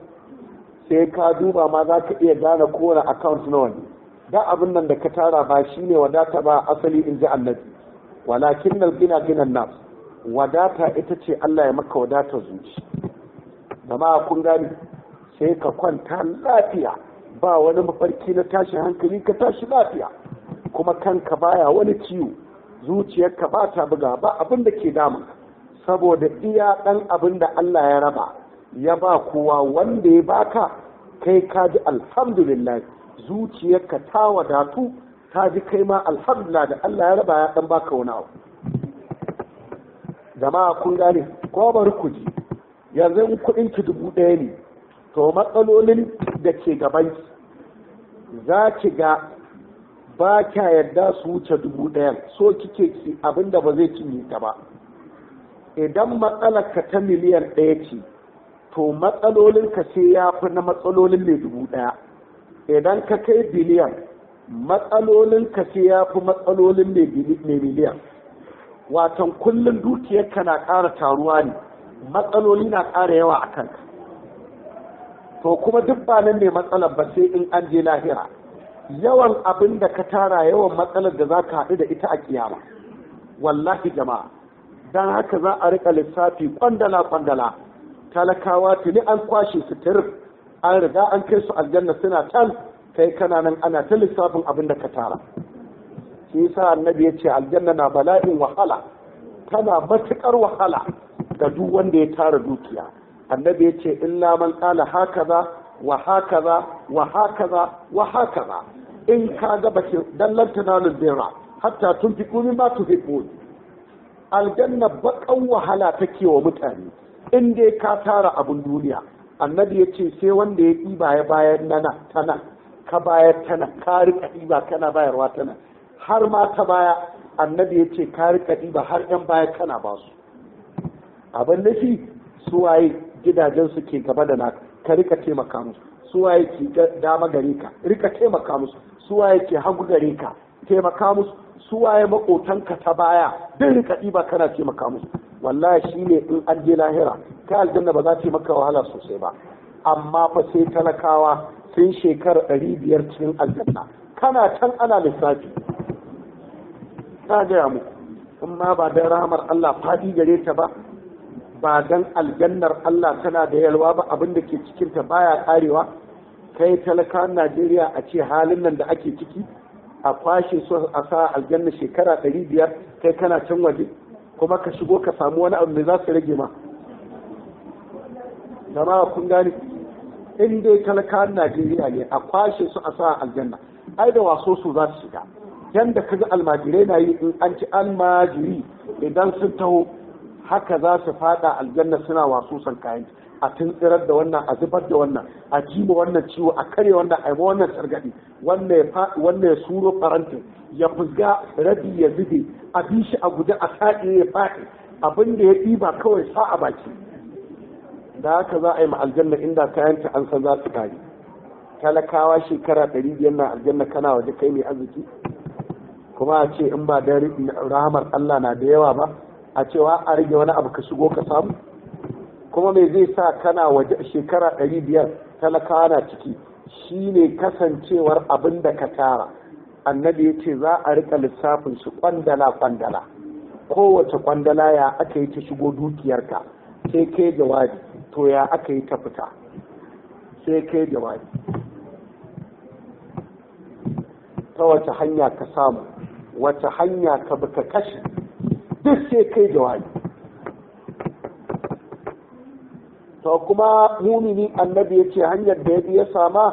sai ka duba ma za ka iya gane kowane account na wani da abin nan da ka tara ba shi ne wadata ba asali in ji annabi walakin nan gina ginan nan wadata ita ce Allah ya maka wadata zuci ma kun gani sai ka kwanta lafiya ba wani mafarki na tashi hankali ka tashi lafiya kuma kanka baya wani ciwo zuciyarka ba ta buga ba abin da ke damun saboda iya ɗan abin da Allah ya raba ya ba kowa wanda ya baka kai ka ji alhamdulillah zuciyarka ta wadatu ta ji kai ma alhamdulillah da Allah ya raba ya ɗan baka wani abu jama'a kun gane ko bari ku ji yanzu kuɗin ki dubu ɗaya ne to matsalolin da ke gaban za ki ga ba kya yadda su wuce dubu ɗaya, so kike ki abin da ba zai cinye ta ba idan matsalar ka ta miliyan ɗaya ce to matsalolin ka sai ya fi na matsalolin mai dubu ɗaya idan ka kai biliyan matsalolin ka sai ya fi matsalolin mai miliyan watan kullum dukiyarka na ƙara taruwa ne matsaloli na ƙara yawa a kanka to kuma duk ba nan ne matsalar ba sai in an je lahira yawan abin da ka tara yawan matsalar da za ka haɗu da ita a kiyama wallahi jama'a don haka za a riƙa lissafi kwandala kwandala talakawa tuni an kwashe su an riga an kai su aljanna suna can kai kana nan ana ta lissafin abin da ka tara shi yasa annabi ya ce aljanna na bala'in wahala tana matuƙar wahala ga duk wanda ya tara dukiya annabi ya ce illa man tsala haka za wa hakaza wa hakaza wa hakaza in ka ga bace dallan lantana birra hatta tunfiqu mimma tuhibbun aljanna bakan wahala take wa mutane in dai ka tara abun duniya annabi yace sai wanda ya ɗiba ya nana tana ka bayar tana ka rika kana bayarwa tana har ma ta baya annabi yace ka rika ɗiba har ɗan baya kana ba su abin su waye gidajen su ke gaba da naka ka rika taimaka musu suwa yake dama gare ka rika taimaka musu waye ki hagu gare ka taimaka musu suwa ya makotanka ta baya din rika ɗiba kana taimaka musu wallahi shi ne in an je lahira ta aljanna ba za ta maka wahala sosai ba amma fa sai talakawa sun shekara ɗari biyar cikin aljanna kana can ana lissafi na gaya muku in ba da rahamar Allah faɗi gare ta ba ba dan aljannar Allah tana da yalwa ba abin da ke cikinta baya karewa kai talakawan Najeriya a ce halin nan da ake ciki a kwashe su a sa aljanna shekara ɗari biyar kai kana can waje kuma ka shigo ka samu wani abu mai za su rage ma jama'a kun gane in dai talakawan Najeriya ne a kwashe su a sa aljanna ai da waso su za su shiga yanda kaga almajirai na yi in an ci almajiri idan sun taho haka za su fada aljanna suna wasu san kayan a tuntsirar da wannan a zubar da wannan a jiba wannan ciwo a karya wannan a yi wannan targaɗi wannan ya suro farantin ya fuzga rabi ya zube a bi shi a guda a sa'i ya faɗi abin da ya ɗiba kawai sa a baki da haka za a yi ma aljanna inda kayanta an san za su kare talakawa shekara ɗari biyar na aljanna kana waje kai mai arziki kuma a ce in ba da rahamar Allah na da yawa ba a cewa a rage wani abu ka shigo ka samu kuma me zai sa kana waje shekara ɗari biyar talakawa na ciki shine kasancewar abin da ka tara annabi ya ce za a rika lissafin su kwandala kwandala kowace kwandala ya aka yi ta shigo dukiyarka sai ke jawabi to ya aka yi ta fita sai ke jawabi ta wace hanya ka samu wace hanya ka bi ka kashe duk sai kai jawabi to kuma mumini annabi ya ce hanyar da ya biya sama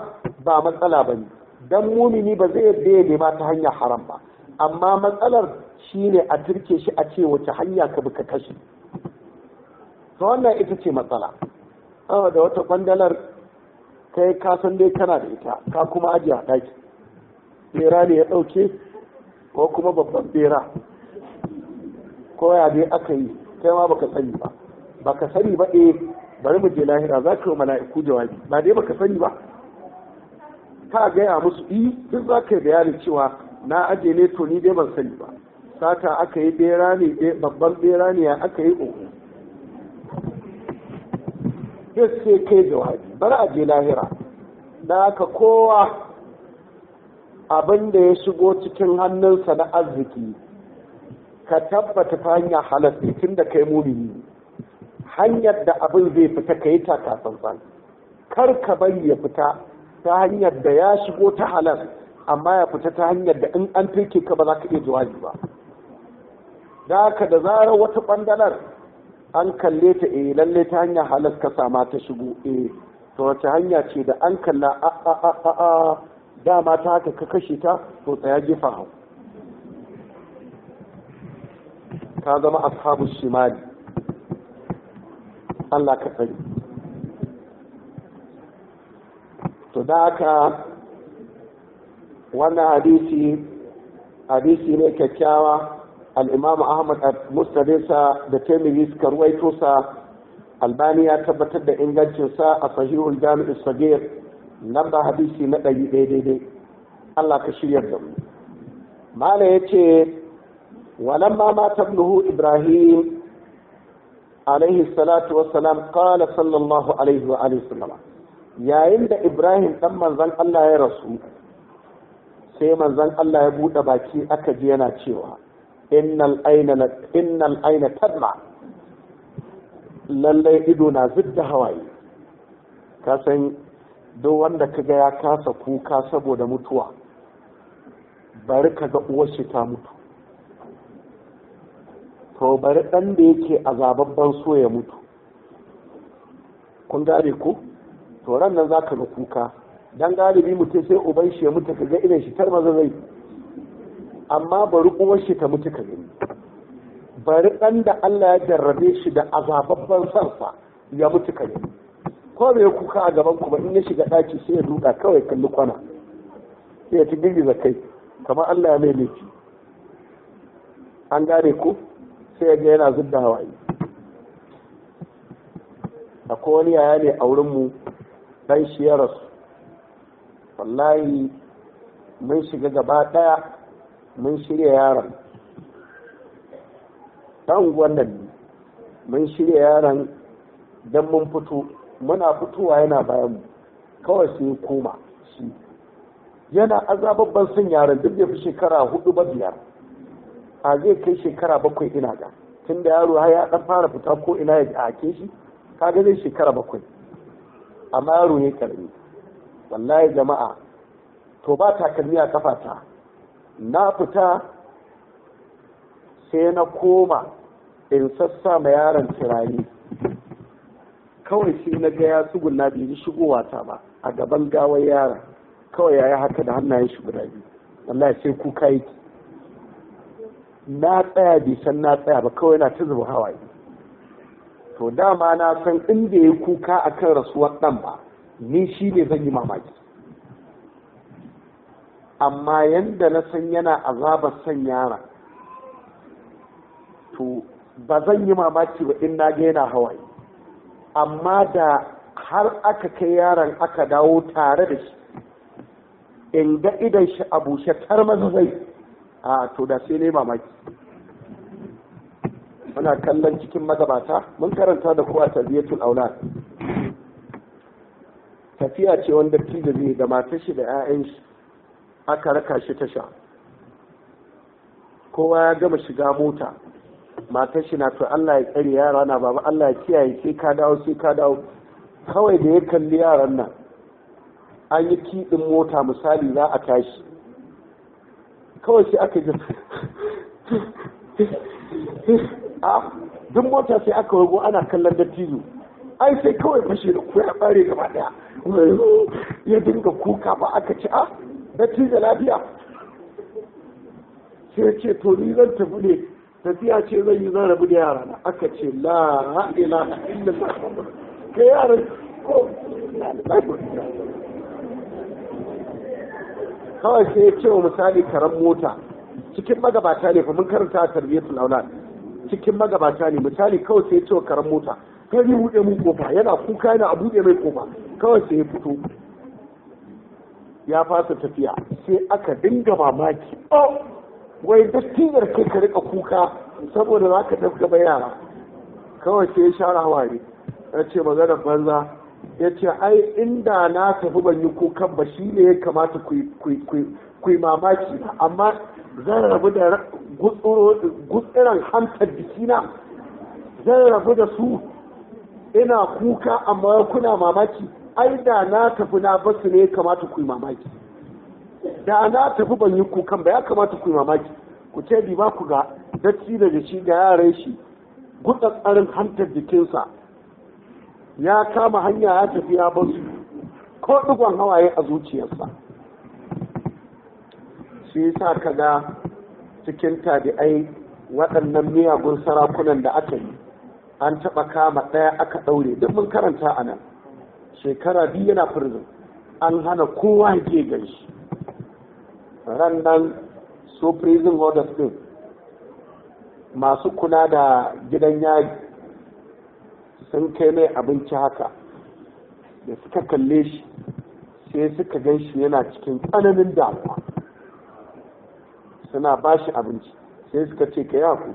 ba matsala ba ne don mumini ba zai yadda ya nema ta hanya haram ba amma matsalar shine a turke shi a ce wace hanya ka buka kashe to wannan ita ce matsala da wata kwandalar kai ka san dai kana da ita ka kuma ajiye a ɗaki bera ne ya ɗauke ko kuma babban bera ko ya dai aka yi kai ma baka sani ba baka sani ba eh bari mu je lahira za ka yi mala'iku jawabi ba dai baka sani ba ka gaya musu i eh, duk za ka yi bayani cewa na aje ne to ni dai ban sani ba sata aka yi bera ne babban bera ne aka yi uku oh, oh. duk sai kai jawabi bari a je lahira da haka kowa abin da ya shigo cikin hannunsa na arziki ka tabbata ta hanyar halas tun da kai mumini hanyar da abin zai fita ka yi takasan kar ka bari ya fita ta hanyar da ya shigo ta halar, amma ya fita ta hanyar da in an turke ka ba za ka iya jawabi ba da ka da zarar wata bandanar an kalle ta eh lalle ta hanyar halas ka sama ta shigo eh to wace hanya ce da an kalla a a a a dama ta haka ka kashe ta to tsaya gefa hau ka zama ashabu shimali Allah ka tsari to da haka wannan hadisi hadisi ne kyakkyawa al'imam ahmad mustadinsa da taimiri suka ruwaito sa albani ya tabbatar da ingancinsa a sahihul jami'in sagir lamba hadisi na ɗari daidai Allah ka shirya da mu mala ya ce ولما مات ابنه إبراهيم عليه الصلاة والسلام قال صلى الله عليه وآله وسلم يا عند إبراهيم تم من الله يا رسول sai manzon Allah ya buɗe baki aka ji yana cewa innal aina aina tadma lallai ido na zidda hawaye ka san duk wanda kaga ya kasa kuka saboda mutuwa bari kaga uwar shi ta mutu to bari ɗan da yake a zababban so ya mutu kun gane ko to ran nan zaka ga kuka dan galibi mutum sai uban shi ya mutu kaga idan shi tar maza zai amma bari uwar shi ta mutu ka gani bari ɗan da Allah ya jarrabe shi da azababban sansa ya mutu ka gani ko bai kuka a gaban ku ba in ya shiga ɗaki sai ya duka kawai kalli kwana sai ya ci girgiza kai kamar Allah ya mai laifi an gane ko sai ya ga yana zubda hawaye a wani yaya ne a wurinmu ɗan shi ya rasu wallahi mun shiga gaba ɗaya mun shirya yaron ɗan wannan mun shirya yaron don mun fito muna fitowa yana bayanmu kawai sai koma shi yana azababban sun yaron duk da fi shekara hudu ba biyar a zai kai shekara bakwai ina ga tun da yaro har ya dan fara fita ko ina ya ake shi kaga zai shekara bakwai amma yaro ne karami wallahi jama'a to ba takalmi a kafata na fita sai na koma in sassa ma yaron turare kawai sai na ga ya tsugunna bai yi shigowa ta ba a gaban gawar yaron kawai ya yi haka da hannayen shi guda biyu wallahi sai kuka yake na tsaya bai san na tsaya ba kawai na ta zuba hawaye to dama na san inda ya kuka akan rasuwar ɗan ba ni shi ne zan yi mamaki amma yadda na san yana azabar san yara to ba zan yi mamaki ba in na ga yana hawaye amma da har aka kai yaron aka dawo tare da shi in ga idan shi abu shakar maza zai a to da sai ne mamaki muna kallon cikin magabata mun karanta da kuwa tarbiyatul auna. tafiya ce wanda da zai da matar shi da 'ya'yan shi aka raka shi tasha kowa ya gama shiga mota matar shi na to Allah ya tsare yara na baba Allah ya kiyaye sai ka dawo sai ka dawo kawai da ya kalli yaran nan an yi kiɗin mota misali za a tashi kawai sai aka ji a ah, duk mota sai aka wago ana kallon dattijo ai sai kawai fashe da ya bare gaba daya ya dinga kuka ba aka ci a ah, dattijo lafiya sai ce to ni zan tafi ne tafiya ce zan yi zan rabu da yara na aka ce la ilaha illallah ka yaran ko kawai sai ya ce wa misali karen mota cikin magabata ne fa mun karanta a tarbiyyar aulad cikin magabata ne misali kawai sai ya ce wa karen mota kai ni buɗe mun kofa yana kuka yana a buɗe mai kofa kawai sai ya fito ya fasa tafiya sai aka dinga mamaki oh wai dattiyar kai ka rika kuka saboda za ka dafka yara kawai sai ya share ne ya ce magana banza ya ce ai inda na tafi ban yi kukan ba shi ne ya kamata ku yi mamaki amma zan rabu da gutsiran hantar jikina zan rabu da su ina kuka amma kuna mamaki ai da na tafi na basu ne ya kamata ku yi mamaki da na tafi ban yi kukan ba ya kamata ku yi mamaki ku ce bi ba ku ga datti da shi da yaran shi tsarin hantar jikinsa ya kama hanya ya tafi ya basu ko digon hawaye a zuciyarsa shi yasa kaga cikin tabi'ai waɗannan miyagun sarakunan da aka yi an taɓa kama ɗaya aka ɗaure duk mun karanta a nan shekara biyu yana prison an hana kowa gan shi ran nan su prison orders din masu kula da gidan yari sun kai mai abinci haka da suka kalle shi sai suka gan shi yana cikin tsananin damuwa suna ba shi abinci sai suka ce ka yaku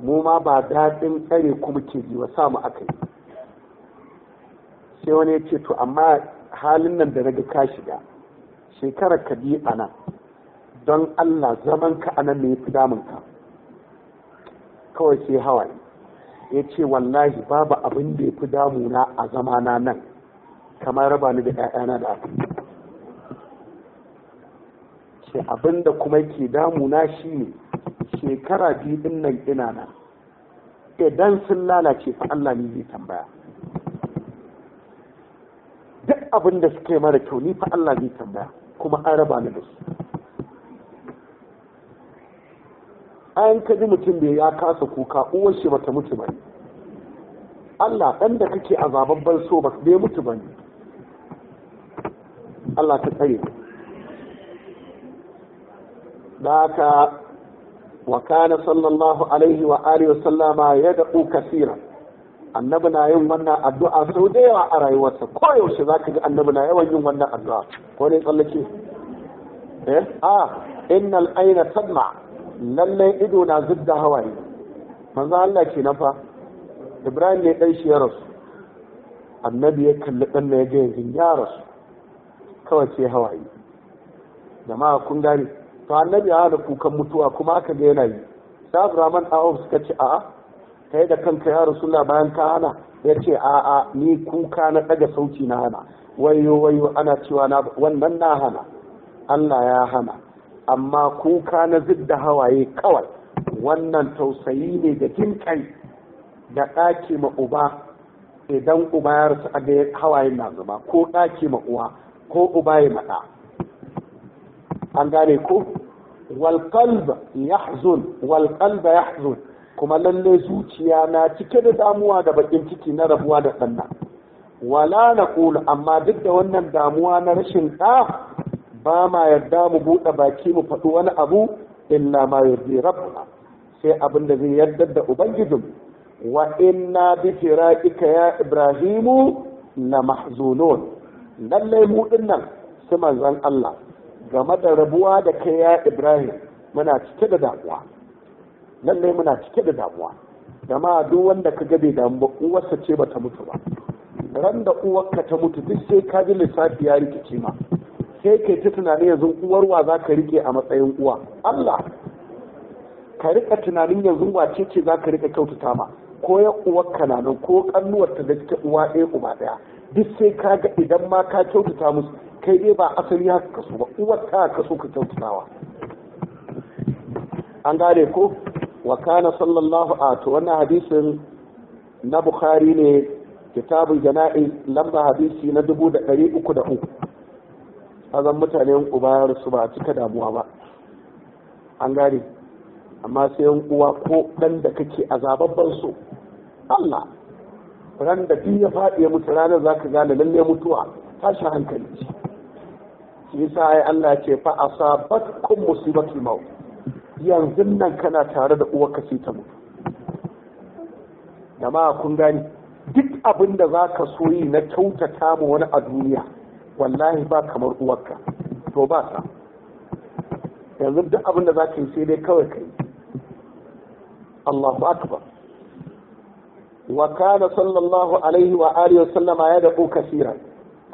mu ma ba daɗin tsare kuma ke ji wa samu aka yi sai wani ya ce to amma halin nan da raga ka shiga shekarar ka bi a nan don allah zaman ka a nan ne ya fi damun ka kawai sai hawaye ya ce wallahi babu abin da ya fi damuna a zamana nan kamar raba ni da 'ya'yana da aka ce abin da kuma ke damuna shi ne shekara biyu din nan ina nan idan sun lalace fa Allah ne zai tambaya duk abin da suke mara kyau ni fa Allah zai tambaya kuma an raba ni da su an kaji mutum bai ya kasa kuka uwar shi bata mutu bane Allah ɗan da kake azababban so ba bai mutu bane Allah ta tsare da ka wa kana sallallahu alaihi wa alihi wa sallama yad'u kaseeran annabi na yin wannan addu'a sau da yawa a rayuwarsa ko yaushe za ka ji annabi na yawan yin wannan addu'a ko ne tsallake eh a ah, innal aina tadma lallai ido na zub da hawaye manzo Allah ke nafa Ibrahim ne dan shiyar ya rasu annabi ya kalli dan ne ga yanzu ya rasu kawai ce hawaye jama'a kun gane to annabi ya da kukan mutuwa kuma aka ga yana yi sa Abdurrahman Awf suka ce a'a kai da kanka ya rasu rasulullah bayan ka hana ya ce a'a ni kuka na daga sauti na hana wayo wayo ana cewa na wannan na hana Allah ya hana amma kuka na zidda hawaye kawai wannan tausayi ne da jin kai da ɗaki ma uba idan uba ya rasu aga hawayen na zuba ko ɗaki ma uwa ko uba ya maɗa an gane ko walƙalba yahzun walƙalba yahzun kuma lalle zuciya na cike da damuwa da bakin ciki na rabuwa da ɗanna wala na amma duk da wannan damuwa na rashin ɗa ba ma yarda mu buɗe baki mu faɗi wani abu inna ma yarda rabbuna sai abin da zai yarda da ubangijin wa inna bi firaqika ya ibrahimu la mahzunun lallai mu dinnan su manzon Allah game da rabuwa da kai ya ibrahim muna cike da damuwa lallai muna cike da damuwa jama'a duk wanda ka gabe damu ba uwarsa ce bata mutu ba ran da uwarka ta mutu duk sai ka ji lissafi ya rikice ma sai kai ta tunanin yanzu uwar wa za ka rike a matsayin uwa Allah ka rika tunanin yanzu wace ce za ka rika kyautata ma ko ya uwar kananan ko kannuwar ta da ta uwa ɗaya uba ɗaya duk sai ka ga idan ma ka kyautata musu kai dai ba asali haka kaso ba uwar ta kaso ka kyautatawa an gane ko wa kana sallallahu a to wannan hadisin na bukhari ne kitabun jana'iz lamba hadisi na dubu da ɗari uku da uku azan mutanen uba su ba cika damuwa ba an gane amma sai yan uwa ko dan da kake azababban su Allah ran da duk ya faɗi ya mutu ranar zaka gane lalle mutuwa tashi hankali shi yasa ai Allah ce fa asabatkum musibatul maut yanzu nan kana tare da uwarka sai ta mutu jama'a kun gani duk abin da zaka so yi na kyautata mu wani a duniya wallahi ba kamar uwarka to ba sa yanzu duk abin da za ka yi sai dai kawai ka yi Allahu akbar wa kana sallallahu alaihi wa alihi sallama ya da kasira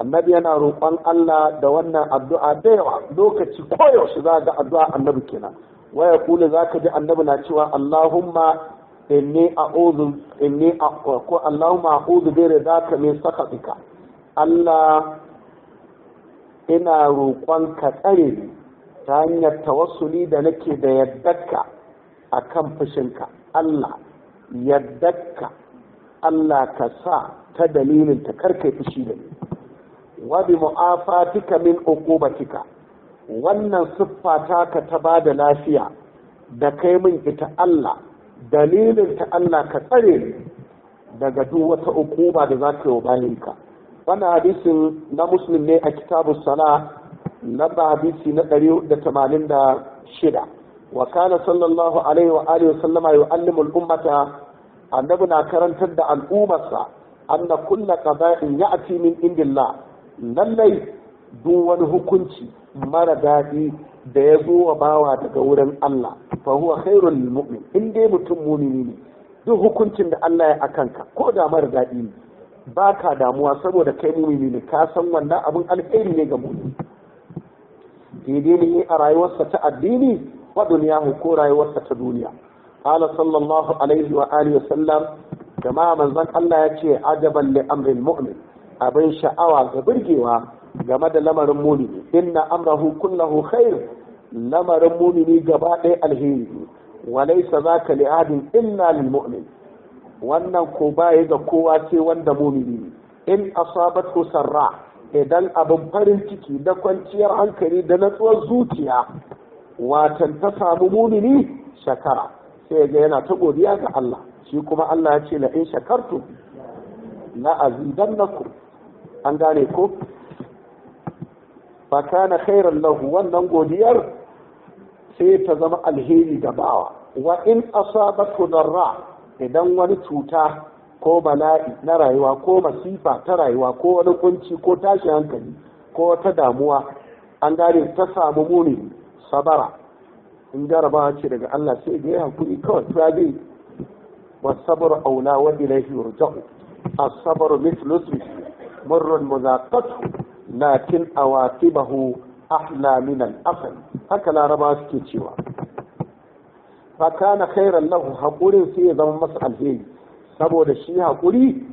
annabi yana roƙon Allah da wannan addu'a da yawa lokaci koyaushe za ga addu'a annabi kenan waya kula za ka ji annabi na cewa Allahumma inni a'udhu inni ko Allahumma a'udhu bi ridaka min sakhatika Allah ina roƙon ka tsare ni ta hanyar tawassuli da nake da yaddarka a kan fushinka Allah yaddarka Allah ka sa ta dalilin ta karkai fushi da ni wa bi mu'afatika min uqubatika wannan siffa ta ka ta ba da lafiya da kai min ita Allah dalilin ta Allah ka tsare ni daga duk wata uquba da za yi wa bayinka wannan hadisin na muslim ne a kitabu sana na hadisi na ɗari da tamanin shida wa kana sallallahu alaihi wa alihi wasallama yu'allimu ummata annabi na karantar da al'ummarsa anna kulla qada'in ya'ti min indillah lallai duk wani hukunci mara daɗi da ya zo wa bawa daga wurin Allah fa huwa khairul mu'min in dai mutum mumini ne duk hukuncin da Allah ya akanka ko da mara daɗi ne ba ka damuwa saboda kai mumini ne ka san wannan abin alheri ne ga mutum daidai ne a rayuwarsa ta addini wa duniya ko rayuwarsa ta duniya Ala sallallahu alaihi wa alihi wa sallam jama'a manzon Allah ya ce ajaban li amril mu'min abin sha'awa ga burgewa game da lamarin mumini inna amrahu kullahu khair lamarin mumini gaba ɗaya alheri ne wa zaka li illa lil mu'min wannan ko baya ga kowa ce wanda mumini ne in asabatu sarra idan abin farin ciki da kwanciyar hankali da natsuwar zuciya watan ta samu mumini shakara sai ga yana ta godiya ga Allah shi kuma Allah ya ce la in shakartu la azidannakum an gane ko fa kana khairan lahu wannan godiyar sai ta zama alheri ga bawa wa in asabatu darra idan wani cuta ko bala'i na rayuwa ko masifa ta rayuwa ko wani kunci ko tashi hankali ko wata damuwa an gane ta samu muni sabara in jaraba ce daga Allah sai ga yaku ikon tsage wa sabar aula wa ilaihi yurja'u as-sabr mithlu sabr marrun muzaqatu lakin awatibahu ahla min al-afl haka laraba suke cewa fa kana khairan lahu haƙurin sai ya zama masa alheri saboda shi haƙuri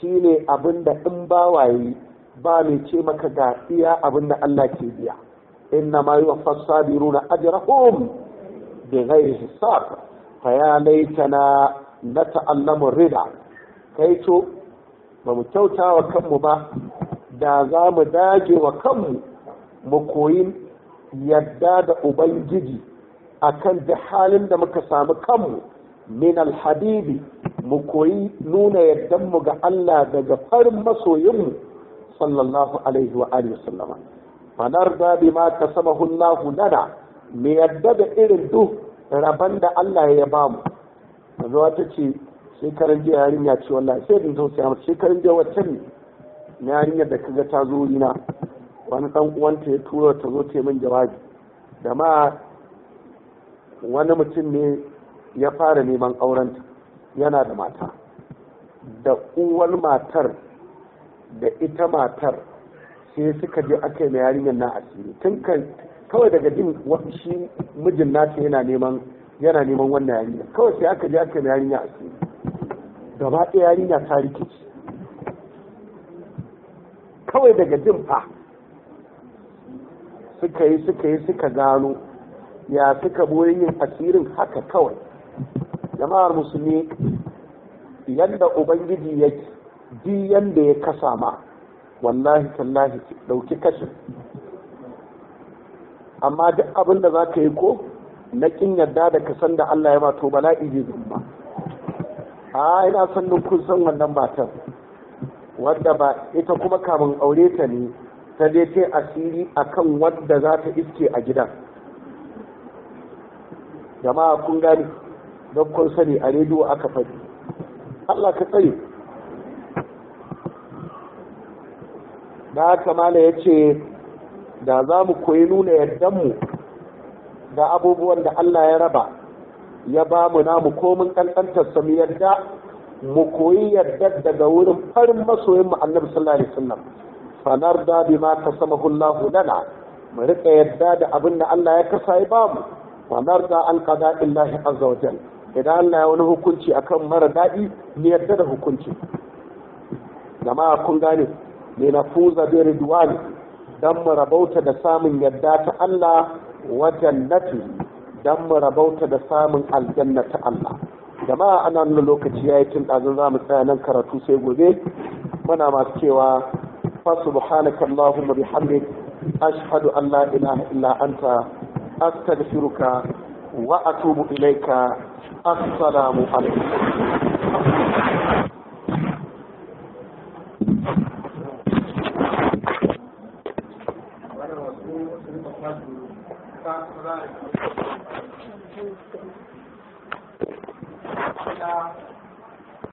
shine abinda in in waye ba mai ce maka ga iya abin da Allah ke biya inna ma yuwaffas sabiruna ajrahum bi ghairi hisab fa ya laitana nata'allamu rida kai to ba mu kyauta kanmu ba da za mu dage wa kanmu mu koyi yadda da ubangiji akan da halin da muka samu kanmu min alhabibi mu koyi nuna yardanmu ga Allah daga farin masoyinmu sallallahu alaihi wa alihi sallama fanar da bi ma kasabahu Allah lana me yadda da irin duk raban da Allah ya ba mu yanzu wata ce shekarun jiya yarinya ce wallahi sai din tausaya sai shekarun jiya wacce ne yarinyar da kaga ta zo ni na, wani dan uwanta ya tura ta zo ta min jawabi da wani mutum ne ya fara neman aurenta yana da mata da uwar matar da ita matar sai suka je aka yi yarinyar na asiri tun kan kawai daga jin shi mijin nata yana neman yana neman wannan yarinya kawai sai aka je aka yi yarinyar asiri gaba ɗaya yarinya ta rikici kawai daga jin fa suka yi suka yi suka gano ya suka yin asirin haka kawai jama'ar musulmi yadda ubangiji ya ji yadda ya kasa ma wallahi tallahi dauki kashin amma duk abin da za ka yi ko na kin yadda da ka san da Allah ya mato bala'i zai zumba a ina sannin kun san wannan matar wadda ba ita kuma kamun aure ta ne ta dai ce asiri akan wadda za ta iske a gidan jama'a kun gane don kun sani a rediyo aka faɗi Allah ka tsaye da kamala ya ce da za mu koyi nuna yardanmu da abubuwan da Allah ya raba ya ba mu namu komin ƙanƙantar sami yadda mu koyi yadda daga wurin farin masoyin mu annabi sallallahu alaihi wasallam fanar da bima kasamahu Allah lana mu rika yadda da abin da Allah ya kasa ya ba mu wa narda an qada illahi azza wa idan Allah ya wani hukunci akan mara daɗi ni yadda da hukunci jama'a kun gane ne na fuza bi ridwan dan mu rabauta da samun yadda ta Allah wa jannati dan mu rabauta da samun aljanna ta Allah jama'a ana nuna lokaci yayi tun ɗazun za mu tsaya nan karatu sai gobe muna masu cewa fa subhanaka allahumma bihamdik ashhadu an la ilaha illa anta astaghfiruka wa atubu ilaika عليكم Thank you.